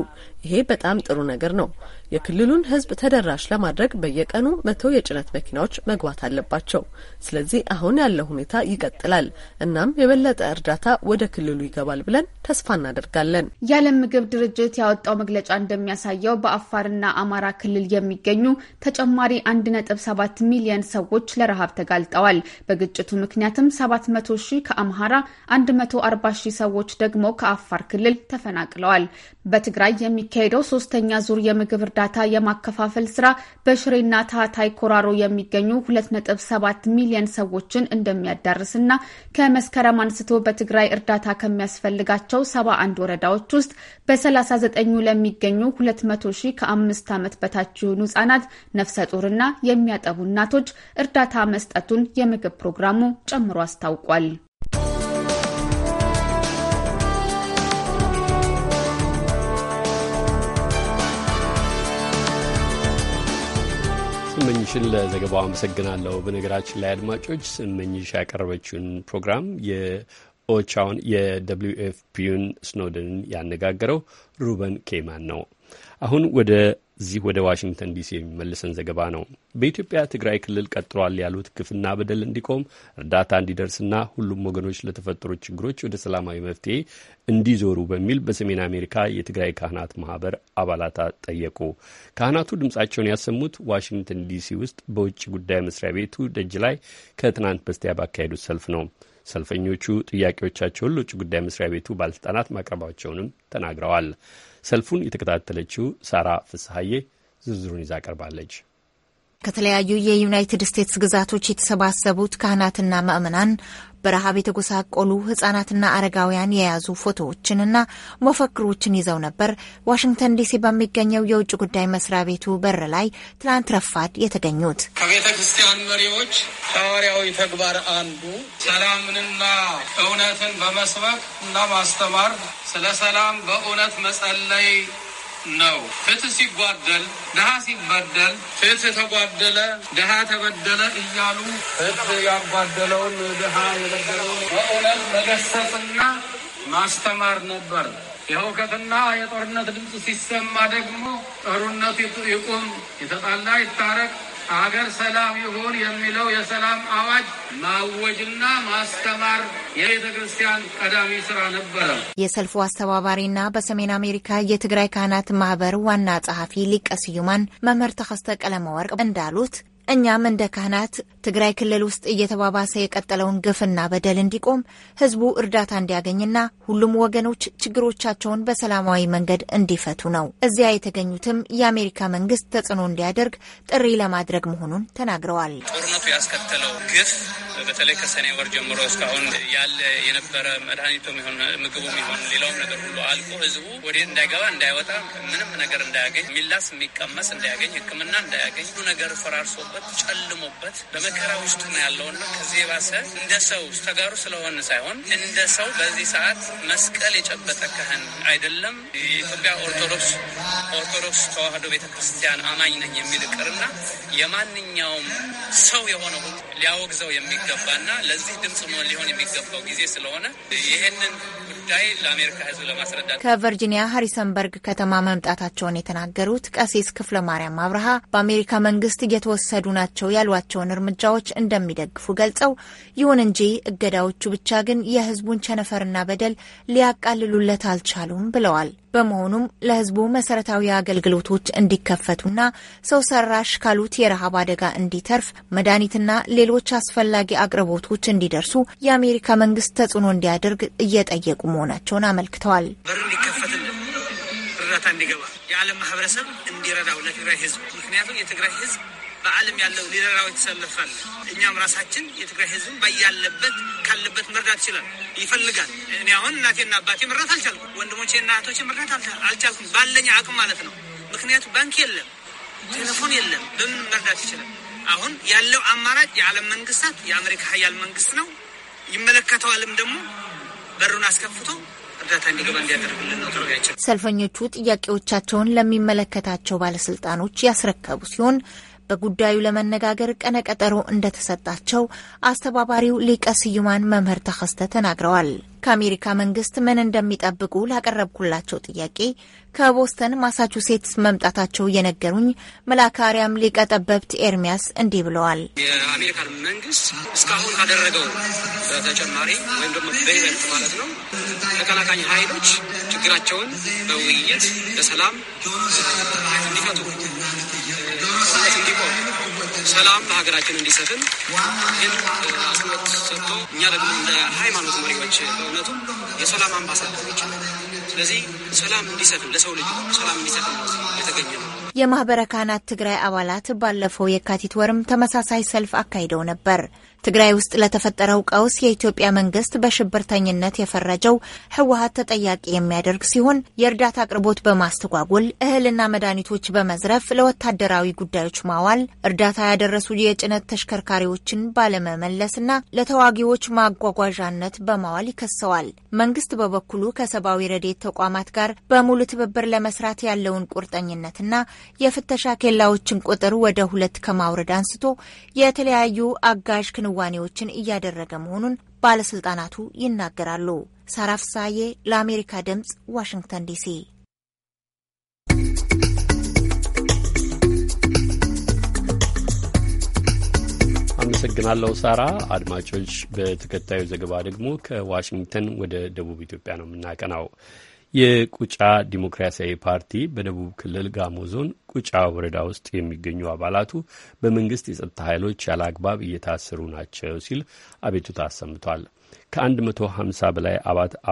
Speaker 8: ይሄ በጣም ጥሩ ነገር ነው። የክልሉን ህዝብ ተደራሽ ለማድረግ በየቀኑ መቶ የጭነት መኪናዎች መግባት አለባቸው። ስለዚህ አሁን ያለው ሁኔታ ይቀጥላል። እናም የበለጠ እርዳታ ወደ ክልሉ ይገባል ብለን ተስፋ እናደርጋለን።
Speaker 7: የዓለም ምግብ ድርጅት ያወጣው መግለጫ እንደሚያሳየው በአፋርና አማራ ክልል የሚገኙ ተጨማሪ 1.7 ሚሊዮን ሰዎች ለረሃብ ተጋልጠዋል። በግጭቱ ምክንያትም 700 ሺህ ከአምሃራ፣ 140 ሺህ ሰዎች ደግሞ ከአፋር ክልል ተፈናቅለዋል። በትግራይ የሚካሄደው ሶስተኛ ዙር የምግብ እርዳታ የማከፋፈል ስራ በሽሬና ታህታይ ኮራሮ የሚገኙ 2.7 ሚሊዮን ሰዎችን እንደሚያዳርስና ከመስከረም አንስቶ በትግራይ እርዳታ ከሚያስፈልጋቸው 71 ወረዳዎች ውስጥ በ39ኙ ለሚገኙ 200 ሺህ ከአምስት ዓመት በታች የሆኑ ህጻናት፣ ነፍሰ ጡርና የሚያጠቡ እናቶች እርዳታ መስጠቱን የምግብ ፕሮግራሙ ጨምሮ አስታውቋል።
Speaker 1: ስመኝሽን ለዘገባው አመሰግናለሁ። በነገራችን ላይ አድማጮች ስመኝሽ ያቀረበችውን ፕሮግራም የኦቻውን የደብሊው ኤፍ ፒውን ስኖደንን ያነጋገረው ሩበን ኬማን ነው። አሁን ወደዚህ ወደ ዋሽንግተን ዲሲ የሚመልሰን ዘገባ ነው። በኢትዮጵያ ትግራይ ክልል ቀጥሏል ያሉት ግፍና በደል እንዲቆም እርዳታ እንዲደርስና ሁሉም ወገኖች ለተፈጠሩ ችግሮች ወደ ሰላማዊ መፍትሄ እንዲዞሩ በሚል በሰሜን አሜሪካ የትግራይ ካህናት ማህበር አባላት ጠየቁ። ካህናቱ ድምጻቸውን ያሰሙት ዋሽንግተን ዲሲ ውስጥ በውጭ ጉዳይ መስሪያ ቤቱ ደጅ ላይ ከትናንት በስቲያ ባካሄዱት ሰልፍ ነው። ሰልፈኞቹ ጥያቄዎቻቸውን ለውጭ ጉዳይ መስሪያ ቤቱ ባለስልጣናት ማቅረባቸውንም ተናግረዋል። ሰልፉን የተከታተለችው ሳራ ፍስሐዬ ዝርዝሩን ይዛ ቀርባለች።
Speaker 9: ከተለያዩ የዩናይትድ ስቴትስ ግዛቶች የተሰባሰቡት ካህናትና ምዕመናን በረሃብ የተጎሳቆሉ ህጻናትና አረጋውያን የያዙ ፎቶዎችንና መፈክሮችን ይዘው ነበር ዋሽንግተን ዲሲ በሚገኘው የውጭ ጉዳይ መስሪያ ቤቱ በር ላይ ትላንት ረፋድ የተገኙት። ከቤተ
Speaker 10: ክርስቲያን መሪዎች ሐዋርያዊ ተግባር አንዱ ሰላምንና እውነትን በመስበክ እና ማስተማር፣ ስለ ሰላም በእውነት መጸለይ ነው። ፍትህ ሲጓደል፣ ድሃ ሲበደል፣ ፍትህ ተጓደለ፣ ድሃ ተበደለ እያሉ ፍትህ ያጓደለውን ድሃ የበደለውን በእውነት መገሰጽና ማስተማር ነበር። የውከትና የጦርነት ድምፅ ሲሰማ ደግሞ ጦርነት ይቁም፣ የተጣላ ይታረቅ አገር ሰላም ይሁን የሚለው የሰላም አዋጅ ማወጅና ማስተማር የቤተ ክርስቲያን ቀዳሚ
Speaker 7: ስራ ነበረ።
Speaker 9: የሰልፉ አስተባባሪና በሰሜን አሜሪካ የትግራይ ካህናት ማህበር ዋና ጸሐፊ ሊቀ ስዩማን መምህር ተኸስተ ቀለመወርቅ እንዳሉት እኛም እንደ ካህናት ትግራይ ክልል ውስጥ እየተባባሰ የቀጠለውን ግፍና በደል እንዲቆም ህዝቡ እርዳታ እንዲያገኝና ሁሉም ወገኖች ችግሮቻቸውን በሰላማዊ መንገድ እንዲፈቱ ነው። እዚያ የተገኙትም የአሜሪካ መንግስት ተጽዕኖ እንዲያደርግ ጥሪ ለማድረግ መሆኑን ተናግረዋል።
Speaker 5: ጦርነቱ ያስከተለው ግፍ በተለይ ከሰኔ ወር ጀምሮ እስካሁን ያለ የነበረ መድኃኒቱም ሆን ምግቡ ሆን ሌላውም ነገር ሁሉ አልቆ ህዝቡ ወደ እንዳይገባ እንዳይወጣ፣ ምንም
Speaker 10: ነገር እንዳያገኝ፣ የሚላስ የሚቀመስ እንዳያገኝ፣ ህክምና እንዳያገኝ፣ ሁሉ ነገር ፈራርሶበት ጨልሞበት መከራ ውስጥ ነው ያለውና ከዚህ የባሰ እንደ ሰው ተጋሩ ስለሆነ ሳይሆን እንደ
Speaker 5: ሰው በዚህ ሰዓት መስቀል የጨበጠ ካህን አይደለም። የኢትዮጵያ ኦርቶዶክስ ኦርቶዶክስ ተዋህዶ ቤተክርስቲያን አማኝ ነኝ የሚል ይቅርና የማንኛውም ሰው የሆነ ሊያወግዘው የሚገባና ለዚህ ድምፅ ሊሆን የሚገባው ጊዜ ስለሆነ ይህንን ጉዳይ
Speaker 9: ለአሜሪካ ሕዝብ ለማስረዳት ከቨርጂኒያ ሃሪሰንበርግ ከተማ መምጣታቸውን የተናገሩት ቀሲስ ክፍለ ማርያም አብርሃ በአሜሪካ መንግስት እየተወሰዱ ናቸው ያሏቸውን እርምጃዎች እንደሚደግፉ ገልጸው፣ ይሁን እንጂ እገዳዎቹ ብቻ ግን የሕዝቡን ቸነፈርና በደል ሊያቃልሉለት አልቻሉም ብለዋል። በመሆኑም ለህዝቡ መሰረታዊ አገልግሎቶች እንዲከፈቱና ሰው ሰራሽ ካሉት የረሃብ አደጋ እንዲተርፍ መድኃኒትና ሌሎች አስፈላጊ አቅርቦቶች እንዲደርሱ የአሜሪካ መንግስት ተጽዕኖ እንዲያደርግ እየጠየቁ መሆናቸውን አመልክተዋል። በሩ እንዲከፈትልን
Speaker 10: እርዳታ እንዲገባ የዓለም ማህበረሰብ እንዲረዳው ለትግራይ ህዝብ ምክንያቱም የትግራይ ህዝብ በዓለም ያለው ሊደራው የተሰለፋል። እኛም ራሳችን የትግራይ ህዝብ ባያለበት ካለበት መርዳት ይችላል ይፈልጋል። እኔ አሁን እናቴና አባቴ መርዳት አልቻልኩም። ወንድሞቼና እህቶች መርዳት አልቻልኩም፣ ባለኝ አቅም ማለት ነው። ምክንያቱ ባንክ የለም፣ ቴሌፎን የለም። በምን መርዳት ይችላል? አሁን ያለው አማራጭ የዓለም መንግስታት የአሜሪካ ሀያል መንግስት ነው። ይመለከተዋልም ደግሞ በሩን አስከፍቶ እርዳታ
Speaker 9: ሰልፈኞቹ ጥያቄዎቻቸውን ለሚመለከታቸው ባለስልጣኖች ያስረከቡ ሲሆን በጉዳዩ ለመነጋገር ቀነ ቀጠሮ እንደተሰጣቸው አስተባባሪው ሊቀ ስዩማን መምህር ተከስተ ተናግረዋል። ከአሜሪካ መንግስት ምን እንደሚጠብቁ ላቀረብኩላቸው ጥያቄ ከቦስተን ማሳቹሴትስ መምጣታቸው የነገሩኝ መልአከ ሊቀ ጠበብት ኤርሚያስ እንዲህ ብለዋል።
Speaker 10: የአሜሪካን መንግስት እስካሁን ካደረገው በተጨማሪ ወይም ደግሞ በይበልጥ
Speaker 11: ማለት ነው ተከላካኝ ኃይሎች ችግራቸውን በውይይት በሰላም እንዲፈቱ እውነት ሰላም ለሀገራችን እንዲሰፍን ይህን አጽንኦት ሰጥቶ እኛ ደግሞ እንደ ሃይማኖት መሪዎች በእውነቱ የሰላም አምባሳደር ይችላል። ስለዚህ ሰላም እንዲሰፍን ለሰው ልጅ ሰላም እንዲሰፍን
Speaker 9: የተገኘ ነው። የማህበረ ካህናት ትግራይ አባላት ባለፈው የካቲት ወርም ተመሳሳይ ሰልፍ አካሂደው ነበር። ትግራይ ውስጥ ለተፈጠረው ቀውስ የኢትዮጵያ መንግስት በሽብርተኝነት የፈረጀው ህወሀት ተጠያቂ የሚያደርግ ሲሆን የእርዳታ አቅርቦት በማስተጓጎል እህልና መድኃኒቶች በመዝረፍ ለወታደራዊ ጉዳዮች ማዋል፣ እርዳታ ያደረሱ የጭነት ተሽከርካሪዎችን ባለመመለስና ለተዋጊዎች ማጓጓዣነት በማዋል ይከሰዋል። መንግስት በበኩሉ ከሰብአዊ ረዴት ተቋማት ጋር በሙሉ ትብብር ለመስራት ያለውን ቁርጠኝነትና የፍተሻ ኬላዎችን ቁጥር ወደ ሁለት ከማውረድ አንስቶ የተለያዩ አጋዥ ክንው ክንዋኔዎችን እያደረገ መሆኑን ባለስልጣናቱ ይናገራሉ። ሳራ ፍሳዬ ለአሜሪካ ድምፅ ዋሽንግተን ዲሲ።
Speaker 1: አመሰግናለሁ ሳራ። አድማጮች፣ በተከታዩ ዘገባ ደግሞ ከዋሽንግተን ወደ ደቡብ ኢትዮጵያ ነው የምናቀናው። የቁጫ ዲሞክራሲያዊ ፓርቲ በደቡብ ክልል ጋሞ ዞን ቁጫ ወረዳ ውስጥ የሚገኙ አባላቱ በመንግስት የጸጥታ ኃይሎች ያለ አግባብ እየታሰሩ ናቸው ሲል አቤቱታ አሰምቷል። ከ150 በላይ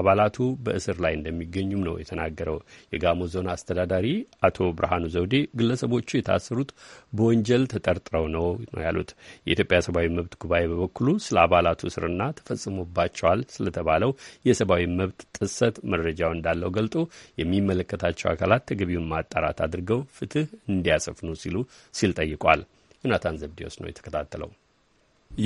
Speaker 1: አባላቱ በእስር ላይ እንደሚገኙም ነው የተናገረው። የጋሞ ዞን አስተዳዳሪ አቶ ብርሃኑ ዘውዴ ግለሰቦቹ የታሰሩት በወንጀል ተጠርጥረው ነው ነው ያሉት። የኢትዮጵያ ሰብአዊ መብት ጉባኤ በበኩሉ ስለ አባላቱ እስርና ተፈጽሞባቸዋል ስለተባለው የሰብአዊ መብት ጥሰት መረጃው እንዳለው ገልጦ የሚመለከታቸው አካላት ተገቢውን ማጣራት አድርገው ፍትህ እንዲያሰፍኑ ሲሉ ሲል ጠይቋል። ዮናታን ዘብዴዎስ ነው የተከታተለው።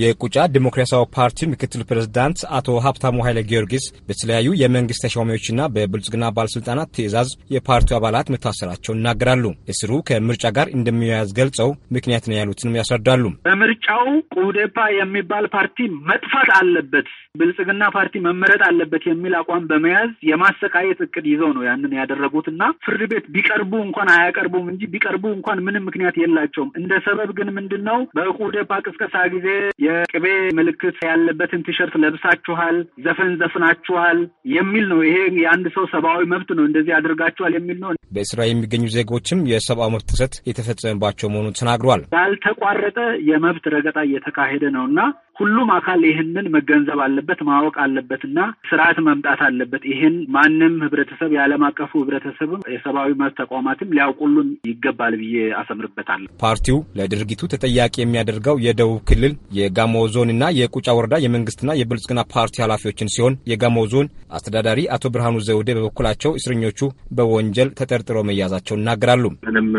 Speaker 11: የቁጫ ዲሞክራሲያዊ ፓርቲ ምክትል ፕሬዝዳንት አቶ ሀብታሙ ኃይለ ጊዮርጊስ በተለያዩ የመንግስት ተሿሚዎችና በብልጽግና ባለስልጣናት ትእዛዝ የፓርቲው አባላት መታሰራቸው ይናገራሉ። እስሩ ከምርጫ ጋር እንደሚያያዝ ገልጸው ምክንያት ነው ያሉትንም ያስረዳሉ።
Speaker 10: በምርጫው
Speaker 5: ቁዴፓ የሚባል ፓርቲ መጥፋት አለበት፣ ብልጽግና ፓርቲ መመረጥ አለበት የሚል አቋም በመያዝ የማሰቃየት እቅድ ይዘው ነው ያንን ያደረጉት እና ፍርድ ቤት ቢቀርቡ እንኳን አያቀርቡም እንጂ ቢቀርቡ እንኳን ምንም ምክንያት የላቸውም። እንደ ሰበብ ግን ምንድን ነው በቁዴፓ ቅስቀሳ ጊዜ የቅቤ ምልክት ያለበትን ቲሸርት ለብሳችኋል፣ ዘፈን ዘፍናችኋል የሚል ነው። ይሄ የአንድ ሰው ሰብአዊ መብት ነው። እንደዚህ አድርጋችኋል የሚል ነው።
Speaker 11: በእስራኤል የሚገኙ ዜጎችም የሰብአዊ መብት ጥሰት የተፈጸመባቸው መሆኑን ተናግሯል።
Speaker 5: ያልተቋረጠ የመብት ረገጣ እየተካሄደ ነው እና ሁሉም አካል ይህንን መገንዘብ አለበት፣ ማወቅ አለበት ስርዓት መምጣት አለበት። ይህን ማንም ህብረተሰብ የዓለም አቀፉ ህብረተሰብም የሰብአዊ መብት ተቋማትም
Speaker 1: ሊያውቁሉን ይገባል ብዬ አሰምርበታለሁ።
Speaker 11: ፓርቲው ለድርጊቱ ተጠያቂ የሚያደርገው የደቡብ ክልል የጋሞ ዞን እና የቁጫ ወረዳ የመንግስትና የብልጽግና ፓርቲ ኃላፊዎችን ሲሆን የጋሞ ዞን አስተዳዳሪ አቶ ብርሃኑ ዘውዴ በበኩላቸው እስረኞቹ በወንጀል ተጠርጥሮ መያዛቸው ይናገራሉ።
Speaker 12: ምንም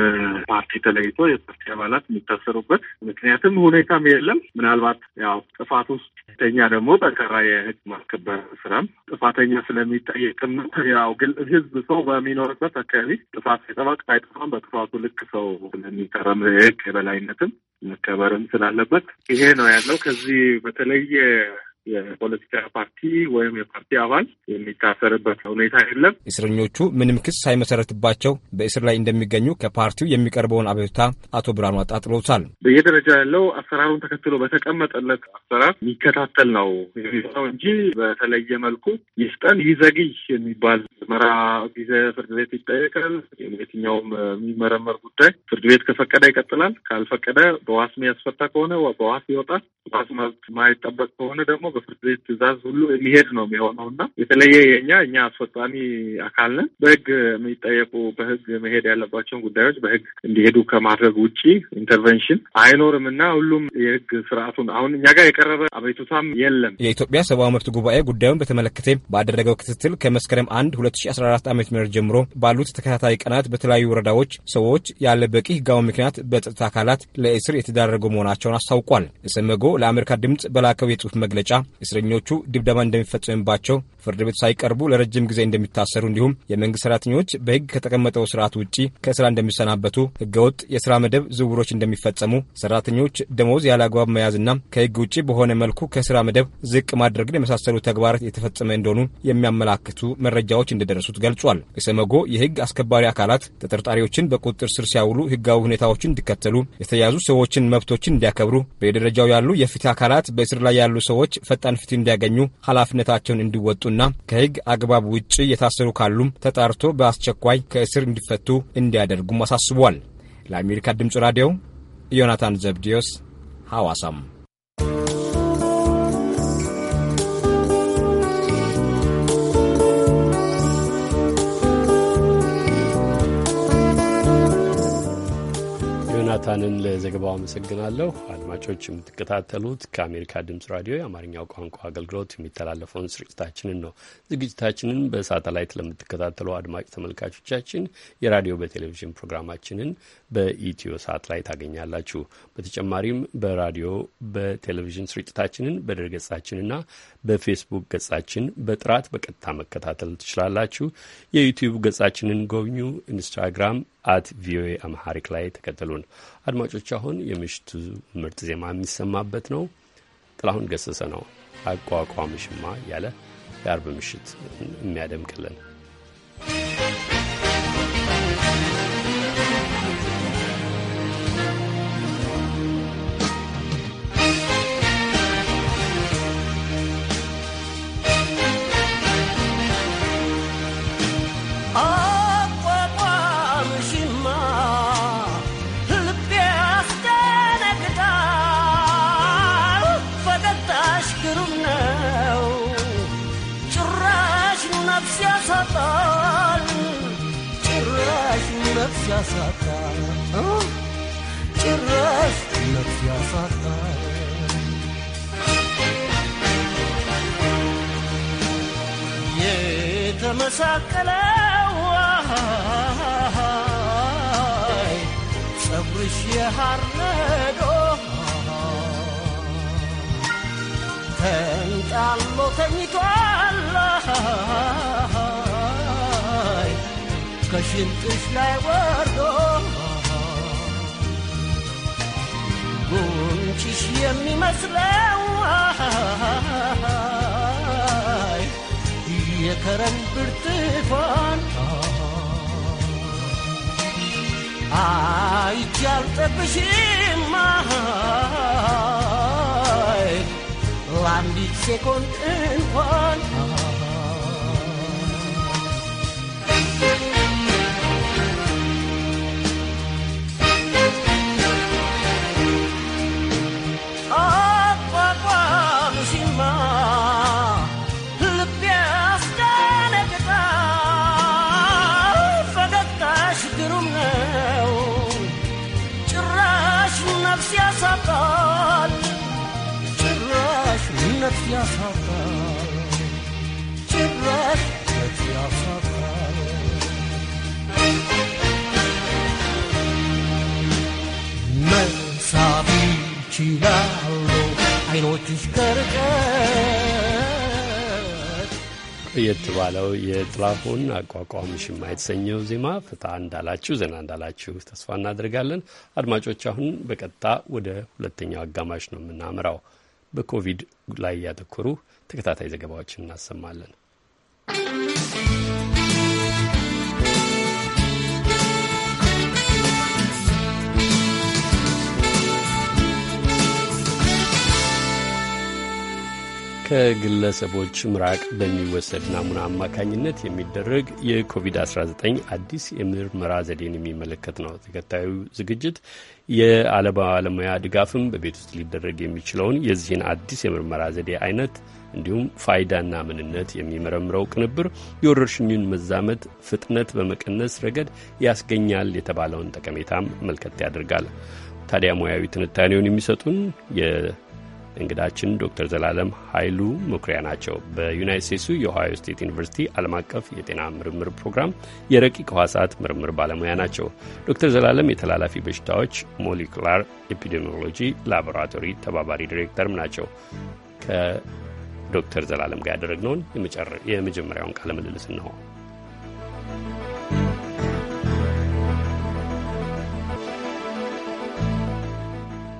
Speaker 12: ፓርቲ ተለይቶ የፓርቲ አባላት የሚታሰሩበት ምክንያትም ሁኔታም የለም ምናልባት ያው ጥፋት ውስጥ ተኛ ደግሞ ጠንካራ የህግ ማስከበር ስራም ጥፋተኛ ስለሚጠየቅም ያው ግን ህዝብ ሰው በሚኖርበት አካባቢ ጥፋት ሲጠባቅ አይጠፋም። በጥፋቱ ልክ ሰው ስለሚጠረም የህግ የበላይነትም መከበርም ስላለበት ይሄ ነው ያለው። ከዚህ በተለየ የፖለቲካ ፓርቲ ወይም የፓርቲ
Speaker 11: አባል የሚታሰርበት
Speaker 12: ሁኔታ የለም።
Speaker 11: እስረኞቹ ምንም ክስ ሳይመሰረትባቸው በእስር ላይ እንደሚገኙ ከፓርቲው የሚቀርበውን አቤቱታ አቶ ብርሃኑ አጣጥለውታል።
Speaker 12: በየደረጃ ያለው አሰራሩን ተከትሎ በተቀመጠለት አሰራር የሚከታተል ነው የሚሆነው እንጂ በተለየ መልኩ ይስጠን ይዘግይ የሚባል ምርመራ ጊዜ ፍርድ ቤት ይጠየቃል። የትኛውም የሚመረመር ጉዳይ ፍርድ ቤት ከፈቀደ ይቀጥላል፣ ካልፈቀደ በዋስ የሚያስፈታ ከሆነ በዋስ ይወጣል። ዋስ መብት ማይጠበቅ ከሆነ ደግሞ በፍርድ ቤት ትዕዛዝ ሁሉ የሚሄድ ነው የሚሆነው እና የተለየ የእኛ እኛ አስፈጻሚ አካል ነን። በህግ የሚጠየቁ በህግ መሄድ ያለባቸውን ጉዳዮች በህግ እንዲሄዱ ከማድረግ ውጭ ኢንተርቨንሽን አይኖርም እና ሁሉም የህግ ስርዓቱን አሁን እኛ ጋር የቀረበ አቤቱታም የለም።
Speaker 11: የኢትዮጵያ ሰብአዊ መብት ጉባኤ ጉዳዩን በተመለከተ ባደረገው ክትትል ከመስከረም አንድ ሁለት ሺ አስራ አራት ዓመተ ምህረት ጀምሮ ባሉት ተከታታይ ቀናት በተለያዩ ወረዳዎች ሰዎች ያለ በቂ ህጋዊ ምክንያት በጸጥታ አካላት ለእስር የተዳረጉ መሆናቸውን አስታውቋል። ኢሰመጎ ለአሜሪካ ድምፅ በላከው የጽሁፍ መግለጫ እስረኞቹ ድብደባ እንደሚፈጸምባቸው፣ ፍርድ ቤት ሳይቀርቡ ለረጅም ጊዜ እንደሚታሰሩ እንዲሁም የመንግስት ሰራተኞች በህግ ከተቀመጠው ስርዓት ውጪ ከስራ እንደሚሰናበቱ፣ ህገወጥ የስራ መደብ ዝውውሮች እንደሚፈጸሙ፣ ሰራተኞች ደሞዝ ያለ አግባብ መያዝና ከህግ ውጪ በሆነ መልኩ ከስራ መደብ ዝቅ ማድረግን የመሳሰሉ ተግባራት የተፈጸመ እንደሆኑ የሚያመላክቱ መረጃዎች እንደደረሱት ገልጿል። ኢሰመጎ የህግ አስከባሪ አካላት ተጠርጣሪዎችን በቁጥጥር ስር ሲያውሉ ህጋዊ ሁኔታዎችን እንዲከተሉ፣ የተያዙ ሰዎችን መብቶችን እንዲያከብሩ፣ በየደረጃው ያሉ የፍትህ አካላት በእስር ላይ ያሉ ሰዎች ፈጣን ፍትህ እንዲያገኙ ኃላፊነታቸውን እንዲወጡና ከህግ አግባብ ውጭ የታሰሩ ካሉም ተጣርቶ በአስቸኳይ ከእስር እንዲፈቱ እንዲያደርጉም አሳስቧል። ለአሜሪካ ድምፅ ራዲዮ ዮናታን ዘብዲዮስ ሐዋሳም
Speaker 1: ዮናታንን ለዘገባው አመሰግናለሁ። አድማጮች የምትከታተሉት ከአሜሪካ ድምጽ ራዲዮ የአማርኛው ቋንቋ አገልግሎት የሚተላለፈውን ስርጭታችንን ነው። ዝግጅታችንን በሳተላይት ለምትከታተሉ አድማጭ ተመልካቾቻችን የራዲዮ በቴሌቪዥን ፕሮግራማችንን በኢትዮ ሳት ላይ ታገኛላችሁ። በተጨማሪም በራዲዮ በቴሌቪዥን ስርጭታችንን በድረገጻችንና በፌስቡክ ገጻችን በጥራት በቀጥታ መከታተል ትችላላችሁ። የዩቲዩብ ገጻችንን ጎብኙ። ኢንስታግራም አት ቪኦኤ አምሃሪክ ላይ ተከተሉን። አድማጮች፣ አሁን የምሽቱ ምርጥ ዜማ የሚሰማበት ነው። ጥላሁን ገሰሰ ነው አቋቋምሽማ ያለ የአርብ ምሽት የሚያደምቅልን
Speaker 10: ችላለሁ አይኖችሽ ከርቀት
Speaker 1: የተባለው የጥላሁን አቋቋምሽ የማይተሰኘው ዜማ ፍታ እንዳላችሁ ዘና እንዳላችሁ ተስፋ እናደርጋለን። አድማጮች አሁን በቀጥታ ወደ ሁለተኛው አጋማሽ ነው የምናምራው። በኮቪድ ላይ ያተኮሩ ተከታታይ ዘገባዎችን እናሰማለን። ከግለሰቦች ምራቅ በሚወሰድ ናሙና አማካኝነት የሚደረግ የኮቪድ-19 አዲስ የምርመራ ዘዴን የሚመለከት ነው ተከታዩ ዝግጅት። የአለባለሙያ ድጋፍም በቤት ውስጥ ሊደረግ የሚችለውን የዚህን አዲስ የምርመራ ዘዴ አይነት እንዲሁም ፋይዳና ምንነት የሚመረምረው ቅንብር የወረርሽኙን መዛመት ፍጥነት በመቀነስ ረገድ ያስገኛል የተባለውን ጠቀሜታም መልከት ያደርጋል። ታዲያ ሙያዊ ትንታኔውን የሚሰጡን እንግዳችን ዶክተር ዘላለም ኃይሉ መኩሪያ ናቸው። በዩናይት ስቴትሱ የኦሃዮ ስቴት ዩኒቨርሲቲ ዓለም አቀፍ የጤና ምርምር ፕሮግራም የረቂቅ ሕዋሳት ምርምር ባለሙያ ናቸው። ዶክተር ዘላለም የተላላፊ በሽታዎች ሞሊኩላር ኤፒዲሚሎጂ ላቦራቶሪ ተባባሪ ዲሬክተርም ናቸው። ከዶክተር ዘላለም ጋር ያደረግነውን የመጀመሪያውን ቃለ ምልልስ ነው።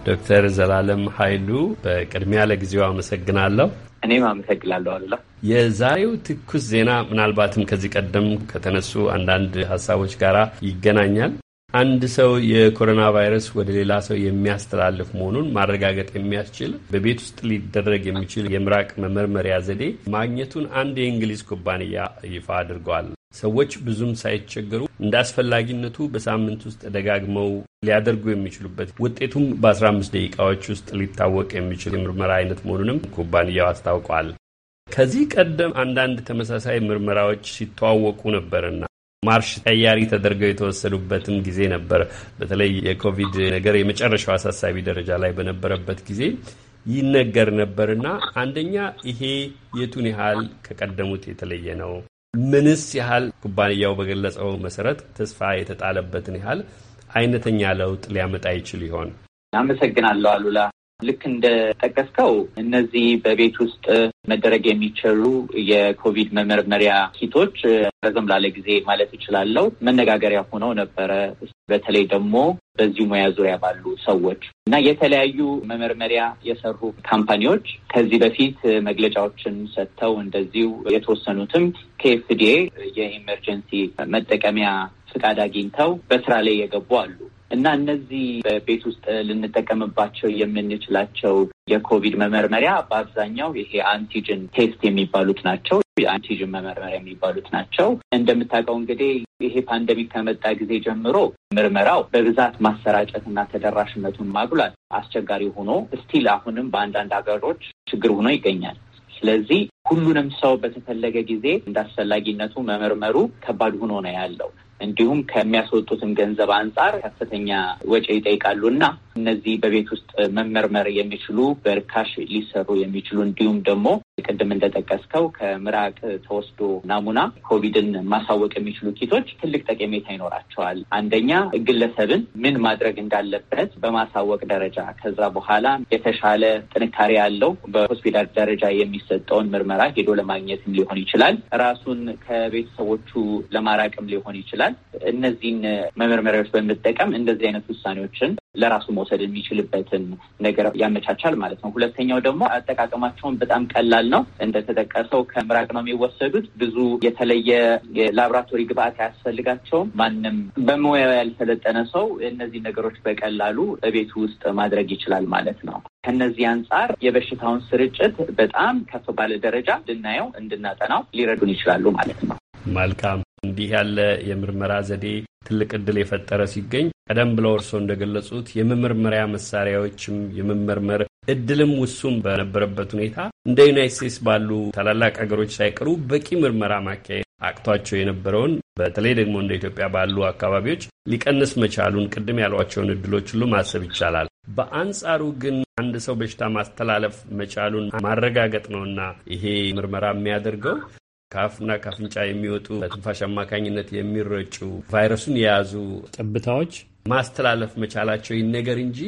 Speaker 1: ዶክተር ዘላለም ኃይሉ በቅድሚያ ለጊዜው አመሰግናለሁ።
Speaker 5: እኔም አመሰግናለሁ አለ
Speaker 1: የዛሬው ትኩስ ዜና ምናልባትም ከዚህ ቀደም ከተነሱ አንዳንድ ሀሳቦች ጋር ይገናኛል። አንድ ሰው የኮሮና ቫይረስ ወደ ሌላ ሰው የሚያስተላልፍ መሆኑን ማረጋገጥ የሚያስችል በቤት ውስጥ ሊደረግ የሚችል የምራቅ መመርመሪያ ዘዴ ማግኘቱን አንድ የእንግሊዝ ኩባንያ ይፋ አድርጓል። ሰዎች ብዙም ሳይቸገሩ እንደ አስፈላጊነቱ በሳምንት ውስጥ ደጋግመው ሊያደርጉ የሚችሉበት ውጤቱም በ15 ደቂቃዎች ውስጥ ሊታወቅ የሚችል የምርመራ አይነት መሆኑንም ኩባንያው አስታውቋል። ከዚህ ቀደም አንዳንድ ተመሳሳይ ምርመራዎች ሲተዋወቁ ነበርና ማርሽ ተያሪ ተደርገው የተወሰዱበትም ጊዜ ነበር። በተለይ የኮቪድ ነገር የመጨረሻው አሳሳቢ ደረጃ ላይ በነበረበት ጊዜ ይነገር ነበርና አንደኛ ይሄ የቱን ያህል ከቀደሙት የተለየ ነው? ምንስ ያህል ኩባንያው በገለጸው መሰረት ተስፋ የተጣለበትን ያህል አይነተኛ ለውጥ ሊያመጣ ይችል ይሆን? አመሰግናለሁ አሉላ።
Speaker 5: ልክ እንደጠቀስከው እነዚህ በቤት ውስጥ መደረግ የሚችሉ የኮቪድ መመርመሪያ ኪቶች ረዘም ላለ ጊዜ ማለት እችላለሁ መነጋገሪያ ሆነው ነበረ። በተለይ ደግሞ በዚሁ ሙያ ዙሪያ ባሉ ሰዎች እና የተለያዩ መመርመሪያ የሰሩ ካምፓኒዎች ከዚህ በፊት መግለጫዎችን ሰጥተው እንደዚሁ የተወሰኑትም ከኤፍዲኤ የኢመርጀንሲ መጠቀሚያ ፍቃድ አግኝተው በስራ ላይ የገቡ አሉ። እና እነዚህ በቤት ውስጥ ልንጠቀምባቸው የምንችላቸው የኮቪድ መመርመሪያ በአብዛኛው ይሄ አንቲጅን ቴስት የሚባሉት ናቸው። የአንቲጅን መመርመሪያ የሚባሉት ናቸው። እንደምታውቀው እንግዲህ ይሄ ፓንደሚክ ከመጣ ጊዜ ጀምሮ ምርመራው በብዛት ማሰራጨትና ተደራሽነቱን ማጉላት አስቸጋሪ ሆኖ ስቲል አሁንም በአንዳንድ ሀገሮች ችግር ሆኖ ይገኛል። ስለዚህ ሁሉንም ሰው በተፈለገ ጊዜ እንዳስፈላጊነቱ መመርመሩ ከባድ ሆኖ ነው ያለው። እንዲሁም ከሚያስወጡትም ገንዘብ አንጻር ከፍተኛ ወጪ ይጠይቃሉ እና እነዚህ በቤት ውስጥ መመርመር የሚችሉ በርካሽ ሊሰሩ የሚችሉ እንዲሁም ደግሞ ቅድም እንደጠቀስከው ከምራቅ ተወስዶ ናሙና ኮቪድን ማሳወቅ የሚችሉ ኪቶች ትልቅ ጠቀሜታ ይኖራቸዋል። አንደኛ ግለሰብን ምን ማድረግ እንዳለበት በማሳወቅ ደረጃ፣ ከዛ በኋላ የተሻለ ጥንካሬ ያለው በሆስፒታል ደረጃ የሚሰጠውን ምርመራ ሄዶ ለማግኘትም ሊሆን ይችላል። ራሱን ከቤተሰቦቹ ለማራቅም ሊሆን ይችላል። ይችላል። እነዚህን መመርመሪያዎች በመጠቀም እንደዚህ አይነት ውሳኔዎችን ለራሱ መውሰድ የሚችልበትን ነገር ያመቻቻል ማለት ነው። ሁለተኛው ደግሞ አጠቃቀማቸውን በጣም ቀላል ነው። እንደተጠቀሰው ከምራቅ ነው የሚወሰዱት። ብዙ የተለየ የላብራቶሪ ግብአት አያስፈልጋቸውም። ማንም በሙያው ያልሰለጠነ ሰው እነዚህ ነገሮች በቀላሉ በቤቱ ውስጥ ማድረግ ይችላል ማለት ነው። ከነዚህ አንጻር የበሽታውን ስርጭት በጣም ከፍ ባለ ደረጃ ልናየው እንድናጠናው ሊረዱን ይችላሉ ማለት ነው።
Speaker 1: መልካም እንዲህ ያለ የምርመራ ዘዴ ትልቅ እድል የፈጠረ ሲገኝ ቀደም ብለው እርስዎ እንደገለጹት የመመርመሪያ መሳሪያዎችም የመመርመር እድልም ውሱም በነበረበት ሁኔታ እንደ ዩናይት ስቴትስ ባሉ ታላላቅ ሀገሮች ሳይቀሩ በቂ ምርመራ ማካሄድ አቅቷቸው የነበረውን በተለይ ደግሞ እንደ ኢትዮጵያ ባሉ አካባቢዎች ሊቀንስ መቻሉን ቅድም ያሏቸውን እድሎች ሁሉ ማሰብ ይቻላል። በአንጻሩ ግን አንድ ሰው በሽታ ማስተላለፍ መቻሉን ማረጋገጥ ነውና ይሄ ምርመራ የሚያደርገው ከአፍና ከአፍንጫ የሚወጡ በትንፋሽ አማካኝነት የሚረጩ ቫይረሱን የያዙ ጠብታዎች ማስተላለፍ መቻላቸው ይነገር እንጂ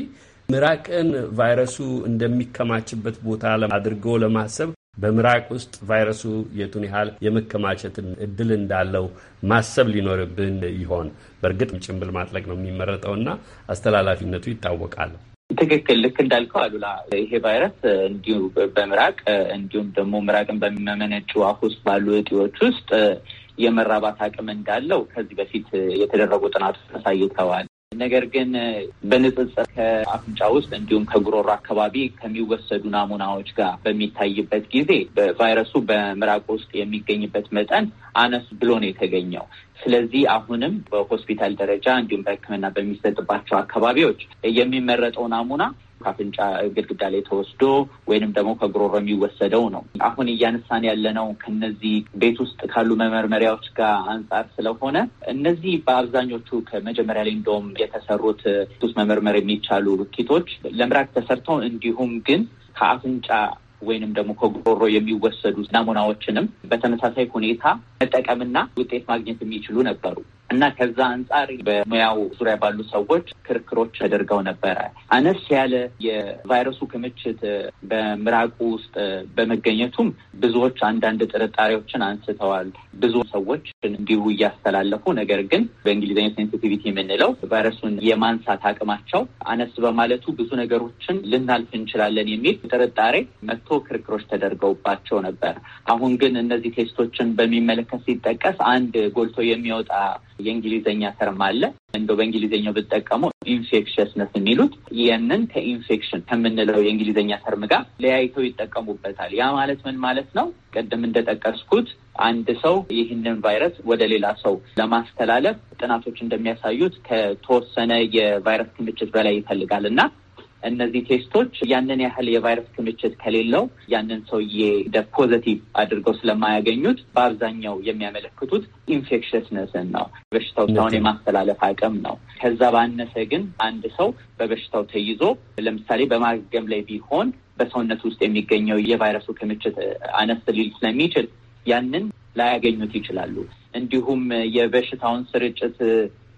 Speaker 1: ምራቅን ቫይረሱ እንደሚከማችበት ቦታ አድርገው ለማሰብ በምራቅ ውስጥ ቫይረሱ የቱን ያህል የመከማቸትን እድል እንዳለው ማሰብ ሊኖርብን ይሆን? በእርግጥ ጭንብል ማጥለቅ ነው የሚመረጠውና አስተላላፊነቱ ይታወቃል።
Speaker 5: ትክክል ልክ እንዳልከው አሉላ ይሄ ቫይረስ እንዲሁ በምራቅ እንዲሁም ደግሞ ምራቅን በሚመመነጩ አፍ ውስጥ ባሉ እጢዎች ውስጥ የመራባት አቅም እንዳለው ከዚህ በፊት የተደረጉ ጥናቶች አሳይተዋል። ነገር ግን በንጽጽር ከአፍንጫ ውስጥ እንዲሁም ከጉሮሮ አካባቢ ከሚወሰዱ ናሙናዎች ጋር በሚታይበት ጊዜ ቫይረሱ በምራቅ ውስጥ የሚገኝበት መጠን አነስ ብሎ ነው የተገኘው። ስለዚህ አሁንም በሆስፒታል ደረጃ እንዲሁም በሕክምና በሚሰጥባቸው አካባቢዎች የሚመረጠው ናሙና ከአፍንጫ ግድግዳ ላይ ተወስዶ ወይንም ደግሞ ከጉሮሮ የሚወሰደው ነው። አሁን እያነሳን ያለነው ከነዚህ ቤት ውስጥ ካሉ መመርመሪያዎች ጋር አንጻር ስለሆነ እነዚህ በአብዛኞቹ ከመጀመሪያ ላይ እንደውም የተሰሩት ውስጥ መመርመር የሚቻሉ ኪቶች ለምራቅ ተሰርተው እንዲሁም ግን ከአፍንጫ ወይንም ደግሞ ከጉሮሮ የሚወሰዱ ናሙናዎችንም በተመሳሳይ ሁኔታ መጠቀምና ውጤት ማግኘት የሚችሉ ነበሩ። እና ከዛ አንጻር በሙያው ዙሪያ ባሉ ሰዎች ክርክሮች ተደርገው ነበረ። አነስ ያለ የቫይረሱ ክምችት በምራቁ ውስጥ በመገኘቱም ብዙዎች አንዳንድ ጥርጣሬዎችን አንስተዋል። ብዙ ሰዎች እንዲሁ እያስተላለፉ ነገር ግን በእንግሊዝኛ ሴንሲቲቪቲ የምንለው ቫይረሱን የማንሳት አቅማቸው አነስ በማለቱ ብዙ ነገሮችን ልናልፍ እንችላለን የሚል ጥርጣሬ መጥቶ ክርክሮች ተደርገውባቸው ነበር። አሁን ግን እነዚህ ቴስቶችን በሚመለከት ሲጠቀስ አንድ ጎልቶ የሚወጣ የእንግሊዝኛ ተርም አለ። እንደ በእንግሊዝኛው ብጠቀሙ ኢንፌክሽስነት የሚሉት ይህንን ከኢንፌክሽን ከምንለው የእንግሊዝኛ ተርም ጋር ለያይተው ይጠቀሙበታል። ያ ማለት ምን ማለት ነው? ቅድም እንደጠቀስኩት አንድ ሰው ይህንን ቫይረስ ወደ ሌላ ሰው ለማስተላለፍ ጥናቶች እንደሚያሳዩት ከተወሰነ የቫይረስ ክምችት በላይ ይፈልጋል እና እነዚህ ቴስቶች ያንን ያህል የቫይረስ ክምችት ከሌለው ያንን ሰውዬ ደ ፖዘቲቭ አድርገው ስለማያገኙት በአብዛኛው የሚያመለክቱት ኢንፌክሽስነስን ነው። በሽታው ሳሁን የማስተላለፍ አቅም ነው። ከዛ ባነሰ ግን አንድ ሰው በበሽታው ተይዞ ለምሳሌ በማገገም ላይ ቢሆን በሰውነት ውስጥ የሚገኘው የቫይረሱ ክምችት አነስ ሊል ስለሚችል ያንን ላያገኙት ይችላሉ። እንዲሁም የበሽታውን ስርጭት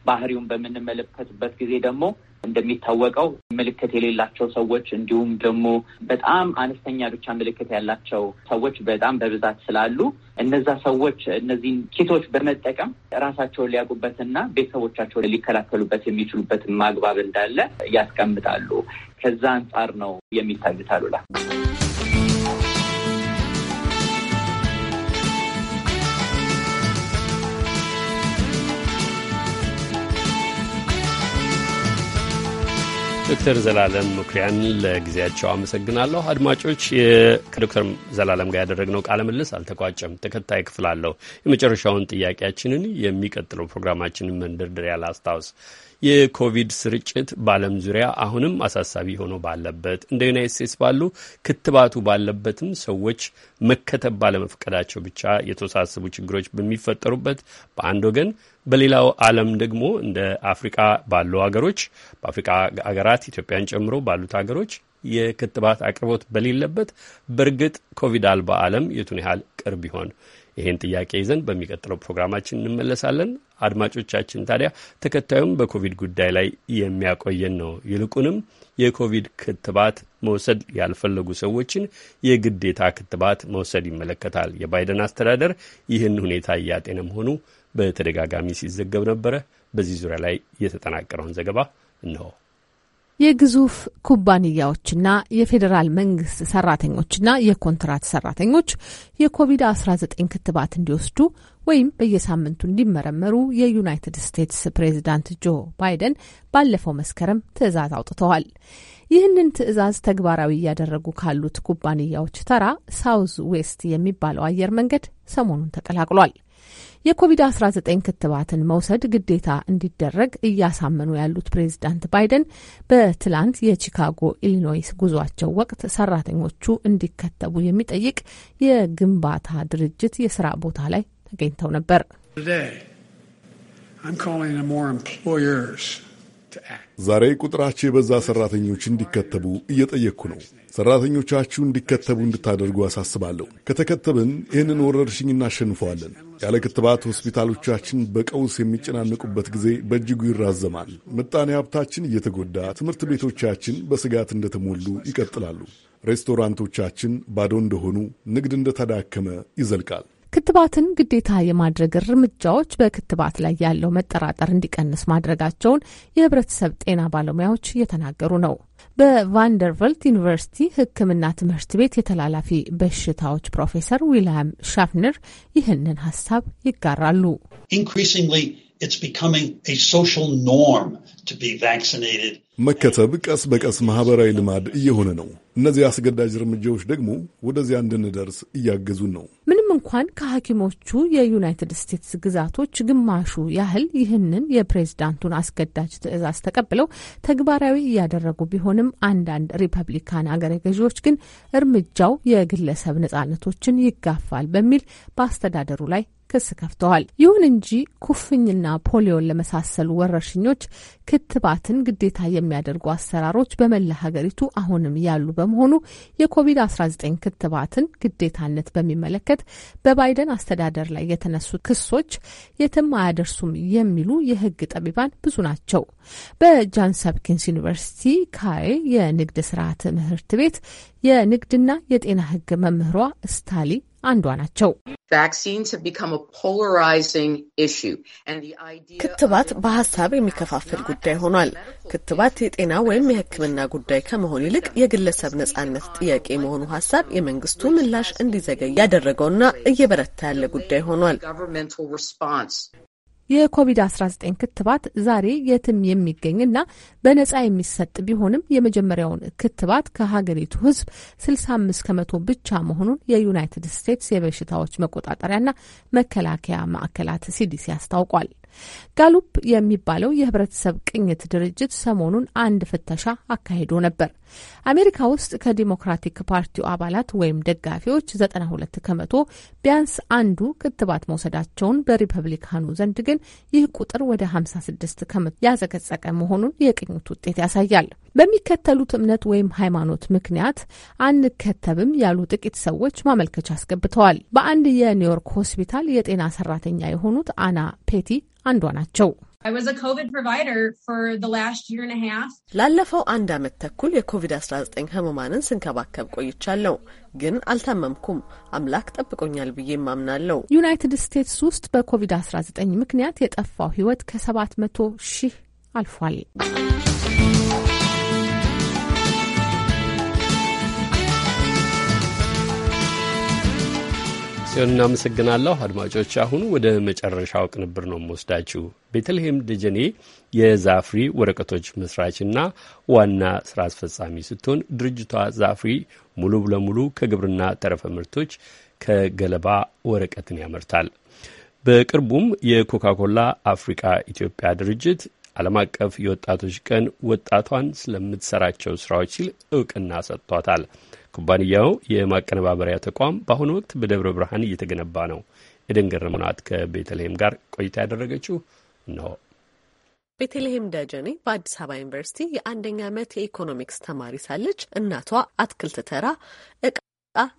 Speaker 5: ባህሪውን በምንመለከትበት ጊዜ ደግሞ እንደሚታወቀው ምልክት የሌላቸው ሰዎች እንዲሁም ደግሞ በጣም አነስተኛ ብቻ ምልክት ያላቸው ሰዎች በጣም በብዛት ስላሉ እነዛ ሰዎች እነዚህን ኪቶች በመጠቀም ራሳቸውን ሊያውቁበትና ቤተሰቦቻቸውን ሊከላከሉበት የሚችሉበትን ማግባብ እንዳለ ያስቀምጣሉ። ከዛ አንጻር ነው የሚታዩት አሉላ
Speaker 1: ዶክተር ዘላለም ምኩሪያን ለጊዜያቸው አመሰግናለሁ። አድማጮች ከዶክተር ዘላለም ጋር ያደረግነው ቃለ ምልልስ አልተቋጨም። ተከታይ ክፍል አለው። የመጨረሻውን ጥያቄያችንን የሚቀጥለው ፕሮግራማችንን መንደርደሪያ ላስታውስ። የኮቪድ ስርጭት በዓለም ዙሪያ አሁንም አሳሳቢ ሆኖ ባለበት እንደ ዩናይት ስቴትስ ባሉ ክትባቱ ባለበትም ሰዎች መከተብ ባለመፍቀዳቸው ብቻ የተወሳሰቡ ችግሮች በሚፈጠሩበት በአንድ ወገን በሌላው ዓለም ደግሞ እንደ አፍሪቃ ባሉ ሀገሮች በአፍሪቃ ሀገራት ኢትዮጵያን ጨምሮ ባሉት ሀገሮች የክትባት አቅርቦት በሌለበት በእርግጥ ኮቪድ አልባ ዓለም የቱን ያህል ቅርብ ይሆን? ይህን ጥያቄ ይዘን በሚቀጥለው ፕሮግራማችን እንመለሳለን። አድማጮቻችን ታዲያ ተከታዩም በኮቪድ ጉዳይ ላይ የሚያቆየን ነው። ይልቁንም የኮቪድ ክትባት መውሰድ ያልፈለጉ ሰዎችን የግዴታ ክትባት መውሰድ ይመለከታል። የባይደን አስተዳደር ይህን ሁኔታ እያጤነ መሆኑ በተደጋጋሚ ሲዘገብ ነበረ። በዚህ ዙሪያ ላይ የተጠናቀረውን ዘገባ እንሆ።
Speaker 4: የግዙፍ ኩባንያዎችና የፌዴራል መንግስት ሰራተኞችና የኮንትራት ሰራተኞች የኮቪድ-19 ክትባት እንዲወስዱ ወይም በየሳምንቱ እንዲመረመሩ የዩናይትድ ስቴትስ ፕሬዚዳንት ጆ ባይደን ባለፈው መስከረም ትዕዛዝ አውጥተዋል። ይህንን ትዕዛዝ ተግባራዊ እያደረጉ ካሉት ኩባንያዎች ተራ ሳውዝ ዌስት የሚባለው አየር መንገድ ሰሞኑን ተቀላቅሏል። የኮቪድ-19 ክትባትን መውሰድ ግዴታ እንዲደረግ እያሳመኑ ያሉት ፕሬዚዳንት ባይደን በትላንት የቺካጎ ኢሊኖይስ ጉዟቸው ወቅት ሰራተኞቹ እንዲከተቡ የሚጠይቅ የግንባታ ድርጅት የስራ ቦታ ላይ ተገኝተው ነበር።
Speaker 6: ዛሬ ቁጥራቸው የበዛ ሰራተኞች እንዲከተቡ እየጠየቅኩ ነው። ሰራተኞቻችሁ እንዲከተቡ እንድታደርጉ አሳስባለሁ። ከተከተብን ይህንን ወረርሽኝ እናሸንፈዋለን። ያለ ክትባት ሆስፒታሎቻችን በቀውስ የሚጨናነቁበት ጊዜ በእጅጉ ይራዘማል። ምጣኔ ሀብታችን እየተጎዳ፣ ትምህርት ቤቶቻችን በስጋት እንደተሞሉ ይቀጥላሉ። ሬስቶራንቶቻችን ባዶ እንደሆኑ፣ ንግድ እንደተዳከመ ይዘልቃል።
Speaker 4: ክትባትን ግዴታ የማድረግ እርምጃዎች በክትባት ላይ ያለው መጠራጠር እንዲቀንስ ማድረጋቸውን የህብረተሰብ ጤና ባለሙያዎች እየተናገሩ ነው። በቫንደርቨልት ዩኒቨርሲቲ ሕክምና ትምህርት ቤት የተላላፊ በሽታዎች ፕሮፌሰር ዊልያም ሻፍነር ይህንን
Speaker 3: ሀሳብ ይጋራሉ። It's becoming a social norm to be vaccinated.
Speaker 6: መከተብ ቀስ በቀስ ማህበራዊ ልማድ እየሆነ ነው። እነዚህ አስገዳጅ እርምጃዎች ደግሞ ወደዚያ እንድንደርስ እያገዙን ነው።
Speaker 4: ምንም እንኳን ከሐኪሞቹ የዩናይትድ ስቴትስ ግዛቶች ግማሹ ያህል ይህንን የፕሬዝዳንቱን አስገዳጅ ትዕዛዝ ተቀብለው ተግባራዊ እያደረጉ ቢሆንም አንዳንድ ሪፐብሊካን አገረ ገዢዎች ግን እርምጃው የግለሰብ ነጻነቶችን ይጋፋል በሚል በአስተዳደሩ ላይ ክስ ከፍተዋል። ይሁን እንጂ ኩፍኝና ፖሊዮን ለመሳሰሉ ወረርሽኞች ክትባትን ግዴታ የሚያደርጉ አሰራሮች በመላ ሀገሪቱ አሁንም ያሉ በመሆኑ የኮቪድ-19 ክትባትን ግዴታነት በሚመለከት በባይደን አስተዳደር ላይ የተነሱ ክሶች የትም አያደርሱም የሚሉ የሕግ ጠቢባን ብዙ ናቸው። በጃንስ ሆፕኪንስ ዩኒቨርሲቲ ካይ የንግድ ስራ ትምህርት ቤት የንግድና የጤና ሕግ መምህሯ ስታሊ አንዷ ናቸው። ክትባት በሀሳብ የሚከፋፍል
Speaker 8: ጉዳይ ሆኗል። ክትባት የጤና ወይም የሕክምና ጉዳይ ከመሆን ይልቅ የግለሰብ ነጻነት ጥያቄ መሆኑ ሀሳብ የመንግስቱ ምላሽ እንዲዘገይ ያደረገውና እየበረታ ያለ ጉዳይ ሆኗል።
Speaker 4: የኮቪድ-19 ክትባት ዛሬ የትም የሚገኝና በነጻ የሚሰጥ ቢሆንም የመጀመሪያውን ክትባት ከሀገሪቱ ህዝብ 65 ከመቶ ብቻ መሆኑን የዩናይትድ ስቴትስ የበሽታዎች መቆጣጠሪያና መከላከያ ማዕከላት ሲዲሲ አስታውቋል። ጋሉፕ የሚባለው የህብረተሰብ ቅኝት ድርጅት ሰሞኑን አንድ ፍተሻ አካሂዶ ነበር። አሜሪካ ውስጥ ከዲሞክራቲክ ፓርቲው አባላት ወይም ደጋፊዎች 92 ከመቶ ቢያንስ አንዱ ክትባት መውሰዳቸውን፣ በሪፐብሊካኑ ዘንድ ግን ይህ ቁጥር ወደ 56 ከመቶ ያዘገጸቀ መሆኑን የቅኝት ውጤት ያሳያል። በሚከተሉት እምነት ወይም ሃይማኖት ምክንያት አንከተብም ያሉ ጥቂት ሰዎች ማመልከቻ አስገብተዋል። በአንድ የኒውዮርክ ሆስፒታል የጤና ሰራተኛ የሆኑት አና ፔቲ አንዷ ናቸው።
Speaker 8: ላለፈው አንድ ዓመት ተኩል የኮቪድ-19 ህሙማንን ስንከባከብ ቆይቻለሁ፣ ግን አልታመምኩም። አምላክ ጠብቆኛል ብዬ ማምናለው።
Speaker 4: ዩናይትድ ስቴትስ ውስጥ በኮቪድ-19 ምክንያት የጠፋው ህይወት ከሰባት መቶ ሺህ አልፏል።
Speaker 1: ጽዮን እናመሰግናለሁ። አድማጮች አሁን ወደ መጨረሻው ቅንብር ነው የምወስዳችሁ። ቤተልሔም ደጀኔ የዛፍሪ ወረቀቶች መስራችና ዋና ስራ አስፈጻሚ ስትሆን ድርጅቷ ዛፍሪ ሙሉ ለሙሉ ከግብርና ተረፈ ምርቶች ከገለባ ወረቀትን ያመርታል። በቅርቡም የኮካኮላ አፍሪካ ኢትዮጵያ ድርጅት ዓለም አቀፍ የወጣቶች ቀን ወጣቷን ስለምትሰራቸው ስራዎች ሲል እውቅና ሰጥቷታል። ኩባንያው የማቀነባበሪያ ተቋም በአሁኑ ወቅት በደብረ ብርሃን እየተገነባ ነው። ኤደን ገረመው ከቤተልሔም ጋር ቆይታ ያደረገችው ነው።
Speaker 8: ቤተልሔም ደጀኔ በአዲስ አበባ ዩኒቨርሲቲ የአንደኛ ዓመት የኢኮኖሚክስ ተማሪ ሳለች እናቷ አትክልት ተራ እቃ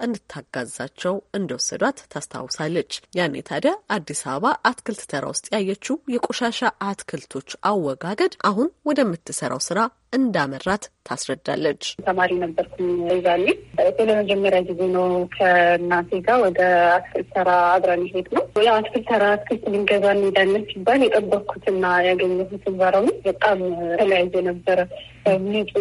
Speaker 8: እንድታጋዛቸው እንደወሰዷት ታስታውሳለች። ያኔ ታዲያ አዲስ አበባ አትክልት ተራ ውስጥ ያየችው የቆሻሻ አትክልቶች አወጋገድ አሁን ወደምትሰራው ስራ
Speaker 13: እንዳመራት ታስረዳለች። ተማሪ ነበርኩኝ ይዛኔ ለመጀመሪያ ጊዜ ነው ከእናቴ ጋር ወደ አትክልት ተራ አብረን ሄድ ነው። ያው አትክልት ተራ አትክልት ልንገዛ እንሄዳለን ሲባል የጠበኩትና ያገኘሁት ባረሙ በጣም ተለያየ ነበረ። ሚጡ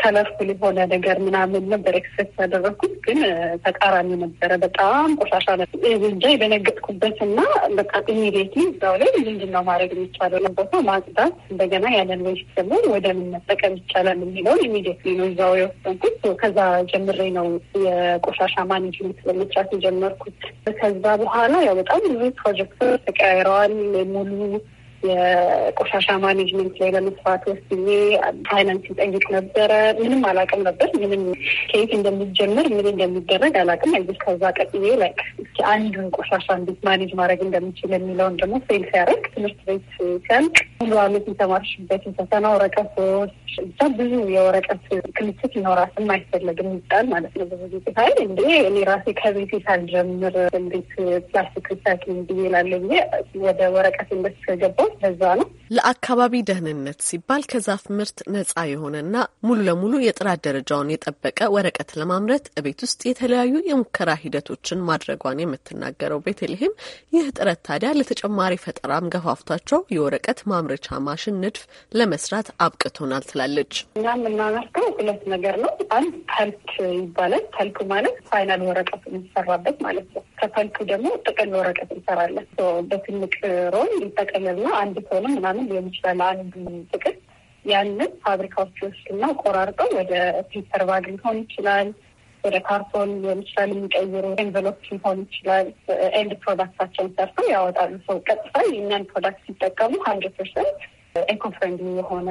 Speaker 13: ከለርፉል የሆነ ነገር ምናምን ነበር ኤክስፔክት ያደረግኩት፣ ግን ተቃራኒ ነበረ። በጣም ቆሻሻ ነበር። ብጃ የደነገጥኩበትና በቃ ኢሚዲየትሊ እዛው ላይ ምንድን ነው ማድረግ የሚቻለው ነበር ማጽዳት፣ እንደገና ያለን ወይስ ደግሞ ወደ ምን መጠቀም መጠቀም ይቻላል የሚለውን ኢሚዲየትሊ ነው እዛው የወሰንኩት። ከዛ ጀምሬ ነው የቆሻሻ ማኔጅመንት ለመስራት የጀመርኩት። ከዛ በኋላ ያው በጣም ብዙ ፕሮጀክቶች ተቀያይረዋል። ሙሉ የቆሻሻ ማኔጅመንት ላይ ለመስፋት ወስኜ ፋይናንስ ይጠይቅ ነበረ። ምንም አላውቅም ነበር። ምንም ከየት እንደሚጀምር ምን እንደሚደረግ አላውቅም። ይ ከዛ ቀጥዬ ላይ አንዱን ቆሻሻ እንዴት ማኔጅ ማድረግ እንደሚችል የሚለውን ደግሞ ፌል ሲያደርግ ትምህርት ቤት ሲያልቅ ሙሉ አመት የተማርሽበት የፈተና ወረቀቶች ብቻ ብዙ የወረቀት ክምችት ይኖራል። የማይፈለግም ይጣል ማለት ነው። ብዙ ጊዜ ሀይል እንዴ እኔ ራሴ ከቤቴ ሳልጀምር እንዴት ፕላስቲክ ሪሳይክሊንግ ብዬ ላለ ወደ ወረቀት ኢንዱስትሪ ገባሁ። ለዛ ነው። ለአካባቢ ደህንነት
Speaker 8: ሲባል ከዛፍ ምርት ነጻ የሆነና ሙሉ ለሙሉ የጥራት ደረጃውን የጠበቀ ወረቀት ለማምረት እቤት ውስጥ የተለያዩ የሙከራ ሂደቶችን ማድረጓን የምትናገረው ቤተልሔም ይህ ጥረት ታዲያ ለተጨማሪ ፈጠራም ገፋፍቷቸው የወረቀት ማምረቻ ማሽን ንድፍ ለመስራት አብቅቶናል ትላለች።
Speaker 13: እኛ የምናመርተው ሁለት ነገር ነው። አንድ ፐልፕ ይባላል። ፐልፕ ማለት ፋይናል ወረቀት የሚሰራበት ማለት ነው። ከፐልፑ ደግሞ ጥቅል ወረቀት እንሰራለን። በትልቅ ሮል ነው አንድ ቶንም ምናምን ሊሆን ይችላል። አንዱ ጥቅል ያንን ፋብሪካዎች ውስጥና ቆራርጠው ወደ ፔፐር ባግ ሊሆን ይችላል፣ ወደ ካርቶን ሊሆን ይችላል የሚቀይሩ ኤንቨሎፕ ሊሆን ይችላል። ኤንድ ፕሮዳክታቸውን ሰርተው ያወጣሉ። ሰው ቀጥታ የእኛን ፕሮዳክት ሲጠቀሙ ሀንድረድ ፐርሰንት ኤኮ ኤኮፍሬንድ የሆነ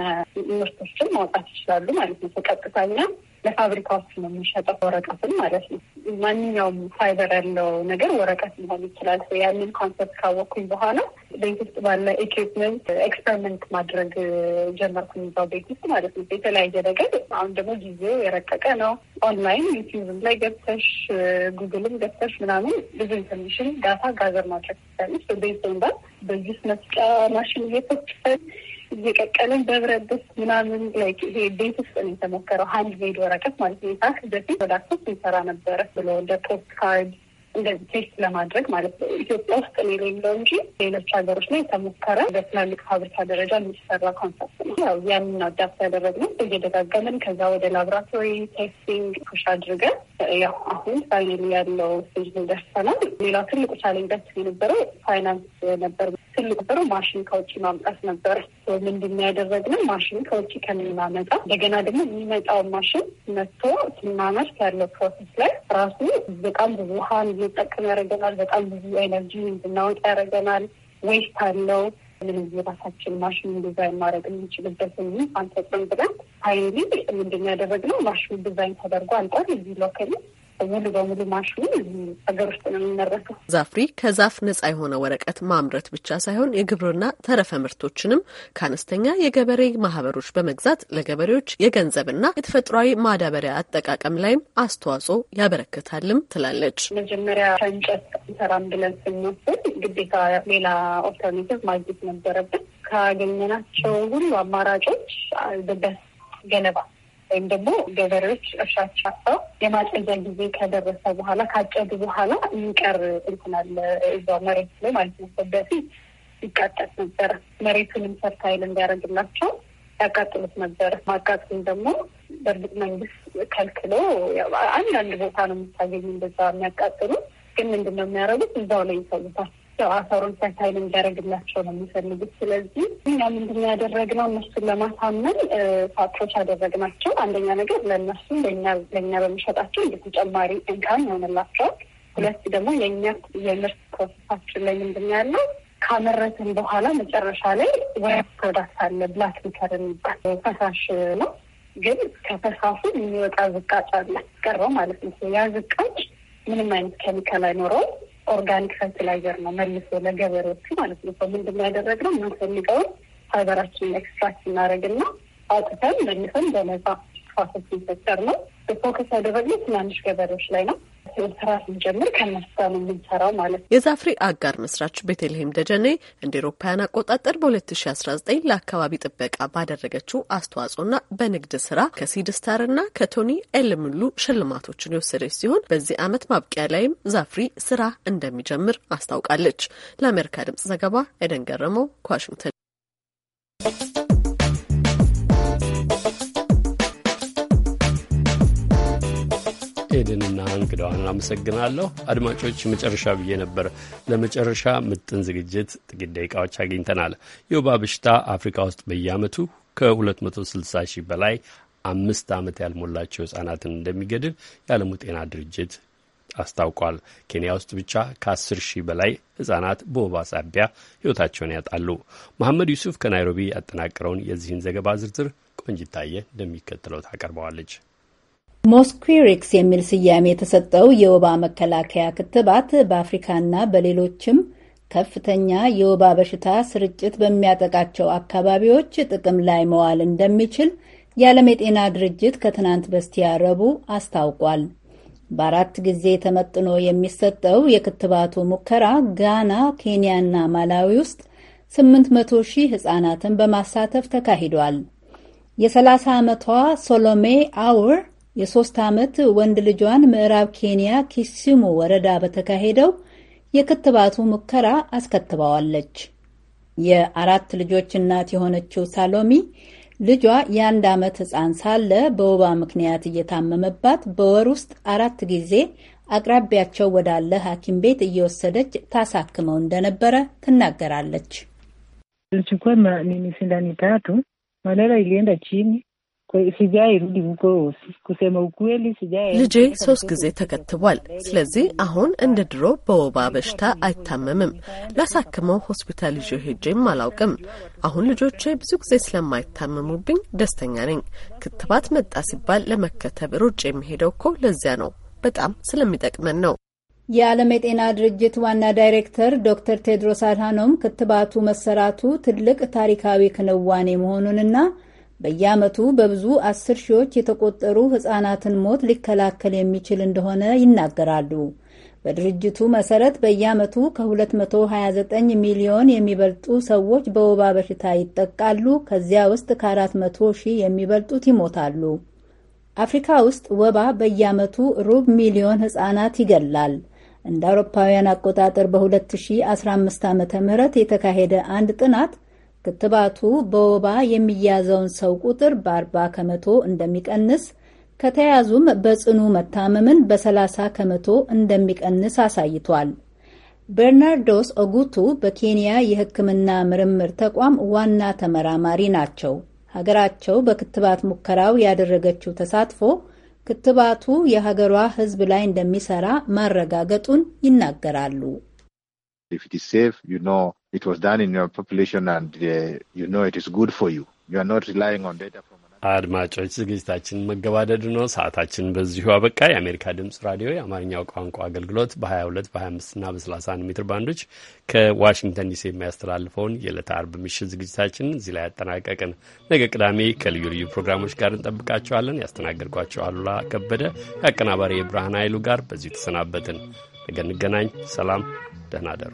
Speaker 13: ምርቶችን ማውጣት ይችላሉ ማለት ነው። ቀጥታ ለፋብሪካዎች ነው የሚሸጠው ወረቀትን ማለት ነው። ማንኛውም ፋይበር ያለው ነገር ወረቀት መሆን ይችላል። ያንን ኮንሰፕት ካወቅኩኝ በኋላ ቤት ውስጥ ባለ ኢኩፕመንት ኤክስፐሪመንት ማድረግ ጀመርኩኝ። የሚዛው ቤት ውስጥ ማለት ነው የተለያየ ነገር። አሁን ደግሞ ጊዜው የረቀቀ ነው። ኦንላይን ዩቲዩብም ላይ ገብተሽ ጉግልም ገብተሽ ምናምን ብዙ ኢንፎርሜሽን ዳታ ጋዘር ማድረግ ይቻላል። ቤት በዚህ መስጫ ማሽን እየተችፈል እየቀቀልን በብረት ድስት ምናምን ላይ ይሄ ቤት ውስጥ ነው የተሞከረው። ሀንድ ሜድ ወረቀት ማለት ነው። ታክስ በፊት ወደ አሶስት ይሰራ ነበረ ብሎ እንደ ፖስት ካርድ እንደዚህ ቴስት ለማድረግ ማለት ነው። ኢትዮጵያ ውስጥ ነው የሌለው እንጂ ሌሎች ሀገሮች ላይ የተሞከረ በትላልቅ ፋብሪካ ደረጃ የሚሰራ ኮንሰፕት ነው። ያው ያንን አዳፕት ያደረግነው እየደጋገመን ከዛ ወደ ላቦራቶሪ ቴስቲንግ ፑሽ አድርገን ያው አሁን ፋይናል ያለው ስጅ ደርሰናል። ሌላ ትልቁ ቻሌንጃችን የነበረው ፋይናንስ ነበር። ትልቁ ጥሩ ማሽን ከውጭ ማምጣት ነበር። ምንድን ያደረግነው ማሽን ከውጭ ከምናመጣ እንደገና ደግሞ የሚመጣውን ማሽን መጥቶ ስናመርት ያለው ፕሮሴስ ላይ ራሱ በጣም ብዙ ውሃ እንድንጠቀም ያደርገናል። በጣም ብዙ ኤነርጂ እንድናወጥ ያደርገናል። ዌስት አለው። ምንም የራሳችን ማሽኑን ዲዛይን ማድረግ የምንችልበት ምን አንሰጥም ብለን ሀይሊ ምንድን ያደረግነው ማሽኑ ዲዛይን ተደርጎ አልቋል። እዚህ ሎከል ሙሉ በሙሉ ማሽኑ ሀገር ውስጥ ነው የሚመረተው።
Speaker 8: ዛፍሪ ከዛፍ ነጻ የሆነ ወረቀት ማምረት ብቻ ሳይሆን የግብርና ተረፈ ምርቶችንም ከአነስተኛ የገበሬ ማህበሮች በመግዛት ለገበሬዎች የገንዘብና የተፈጥሯዊ ማዳበሪያ አጠቃቀም ላይም አስተዋጽኦ ያበረክታልም
Speaker 13: ትላለች። መጀመሪያ ከእንጨት ሰራም ብለን ስንወስን ግዴታ ሌላ ኦልተርኔቲቭ ማግኘት ነበረብን። ካገኘናቸው ሁሉ አማራጮች ገለባ ወይም ደግሞ ገበሬዎች እርሻቸው የማጨጃ ጊዜ ከደረሰ በኋላ ካጨዱ በኋላ የሚቀር እንትናል እዛው መሬት ላይ ማለት ነው። በፊት ይቃጠል ነበረ። መሬቱንም ፈርታይል እንዲያደርግላቸው ያቃጥሉት ነበር ማቃጥሉን ደግሞ በእርግጥ መንግስት ከልክሎ አንዳንድ ቦታ ነው የምታገኙ እንደዛ የሚያቃጥሉት ግን ምንድነው የሚያደርጉት እዛው ላይ ይሰሉታል። ሰው አፈሩን ፈርታይል እንዲያደርግላቸው ነው የሚፈልጉት። ስለዚህ እኛ ምንድን ያደረግነው እነሱን ለማሳመን ፋክቶች ያደረግናቸው አንደኛ ነገር ለእነሱ ለእኛ በሚሸጣቸው እንደ ተጨማሪ እንካን ይሆንላቸዋል። ሁለት ደግሞ የእኛ የምርት ፕሮሰሳችን ላይ ምንድን ያለው ካመረትን በኋላ መጨረሻ ላይ ወይ ፕሮዳክት አለ ብላክ ሊከር የሚባል ፈሳሽ ነው። ግን ከፈሳሹ የሚወጣ ዝቃጭ አለ ቀረው ማለት ነው። ያ ዝቃጭ ምንም አይነት ኬሚካል አይኖረውም። ኦርጋኒክ ፈርቲላይዘር ነው መልሶ ለገበሬዎቹ ማለት ነው። ምንድነው ያደረግነው? የምንፈልገውን ሀገራችን ኤክስትራክት እናደርግና አውጥተን መልሰን በነፃ ፋሶች ሲፈጠር ነው። ፎከስ ያደረግነው ትናንሽ ገበሬዎች ላይ ነው። ስራ ስንጀምር ከእነሱ ጋር ነው የምንሰራው ማለት ነው።
Speaker 8: የዛፍሪ አጋር መስራች ቤተልሔም ደጀኔ እንደ ኤሮፓያን አቆጣጠር በ2019 ለአካባቢ ጥበቃ ባደረገችው አስተዋጽኦና በንግድ ስራ ከሲድስታርና ከቶኒ ኤልምሉ ሽልማቶችን የወሰደች ሲሆን በዚህ አመት ማብቂያ ላይም ዛፍሪ ስራ እንደሚጀምር አስታውቃለች። ለአሜሪካ ድምጽ ዘገባ ኤደን ገረመው ከዋሽንግተን
Speaker 1: አስተናግደዋል። አመሰግናለሁ። አድማጮች፣ መጨረሻ ብዬ ነበር። ለመጨረሻ ምጥን ዝግጅት ጥቂት ደቂቃዎች አግኝተናል። የወባ በሽታ አፍሪካ ውስጥ በየዓመቱ ከ260 ሺህ በላይ አምስት ዓመት ያልሞላቸው ሕጻናትን እንደሚገድል የዓለሙ ጤና ድርጅት አስታውቋል። ኬንያ ውስጥ ብቻ ከ10 ሺህ በላይ ሕፃናት በወባ ሳቢያ ሕይወታቸውን ያጣሉ። መሐመድ ዩሱፍ ከናይሮቢ ያጠናቀረውን የዚህን ዘገባ ዝርዝር ቆንጅታየ እንደሚከተለው ታቀርበዋለች።
Speaker 14: ሞስኩሪክስ የሚል ስያሜ የተሰጠው የወባ መከላከያ ክትባት በአፍሪካና በሌሎችም ከፍተኛ የወባ በሽታ ስርጭት በሚያጠቃቸው አካባቢዎች ጥቅም ላይ መዋል እንደሚችል የዓለም የጤና ድርጅት ከትናንት በስቲያ ረቡዕ አስታውቋል። በአራት ጊዜ ተመጥኖ የሚሰጠው የክትባቱ ሙከራ ጋና፣ ኬንያና ማላዊ ውስጥ 800 ሺህ ሕፃናትን በማሳተፍ ተካሂዷል። የ30 ዓመቷ ሶሎሜ አውር የሶስት ዓመት ወንድ ልጇን ምዕራብ ኬንያ ኪሲሙ ወረዳ በተካሄደው የክትባቱ ሙከራ አስከትባዋለች። የአራት ልጆች እናት የሆነችው ሳሎሚ ልጇ የአንድ ዓመት ሕፃን ሳለ በወባ ምክንያት እየታመመባት በወር ውስጥ አራት ጊዜ አቅራቢያቸው ወዳለ ሐኪም ቤት እየወሰደች ታሳክመው እንደነበረ ትናገራለች።
Speaker 2: ልጄ ሶስት
Speaker 8: ጊዜ ተከትቧል። ስለዚህ አሁን እንደ ድሮ በወባ በሽታ አይታመምም። ላሳክመው ሆስፒታል ይዤ ሄጄም አላውቅም። አሁን ልጆቼ ብዙ ጊዜ ስለማይታመሙብኝ ደስተኛ ነኝ። ክትባት መጣ ሲባል ለመከተብ ሩጭ የሚሄደው እኮ ለዚያ ነው። በጣም ስለሚጠቅመን ነው።
Speaker 14: የዓለም የጤና ድርጅት ዋና ዳይሬክተር ዶክተር ቴድሮስ አድሃኖም ክትባቱ መሰራቱ ትልቅ ታሪካዊ ክንዋኔ መሆኑንና በየዓመቱ በብዙ አስር ሺዎች የተቆጠሩ ሕፃናትን ሞት ሊከላከል የሚችል እንደሆነ ይናገራሉ። በድርጅቱ መሰረት በየዓመቱ ከ229 ሚሊዮን የሚበልጡ ሰዎች በወባ በሽታ ይጠቃሉ። ከዚያ ውስጥ ከ400 ሺህ የሚበልጡት ይሞታሉ። አፍሪካ ውስጥ ወባ በየዓመቱ ሩብ ሚሊዮን ሕፃናት ይገላል። እንደ አውሮፓውያን አቆጣጠር በ2015 ዓ ም የተካሄደ አንድ ጥናት ክትባቱ በወባ የሚያዘውን ሰው ቁጥር በ ከመቶ እንደሚቀንስ ከተያዙም በጽኑ መታመምን በ30 ከመቶ እንደሚቀንስ አሳይቷል። በርናርዶስ ኦጉቱ በኬንያ የሕክምና ምርምር ተቋም ዋና ተመራማሪ ናቸው። ሀገራቸው በክትባት ሙከራው ያደረገችው ተሳትፎ ክትባቱ የሀገሯ ሕዝብ ላይ እንደሚሰራ ማረጋገጡን ይናገራሉ።
Speaker 6: It was done in your population and uh, you know it is good for you. You are not relying on data from
Speaker 1: አድማጮች ዝግጅታችን መገባደዱ ነው። ሰዓታችን በዚሁ አበቃ። የአሜሪካ ድምጽ ራዲዮ የአማርኛው ቋንቋ አገልግሎት በ22 በ25ና በ31 ሜትር ባንዶች ከዋሽንግተን ዲሲ የሚያስተላልፈውን የዕለተ አርብ ምሽት ዝግጅታችን እዚህ ላይ ያጠናቀቅን። ነገ ቅዳሜ ከልዩ ልዩ ፕሮግራሞች ጋር እንጠብቃቸዋለን። ያስተናገድኳቸው አሉላ ከበደ ከአቀናባሪ የብርሃን ኃይሉ ጋር በዚሁ ተሰናበትን። ነገ እንገናኝ። ሰላም፣ ደህና ደሩ።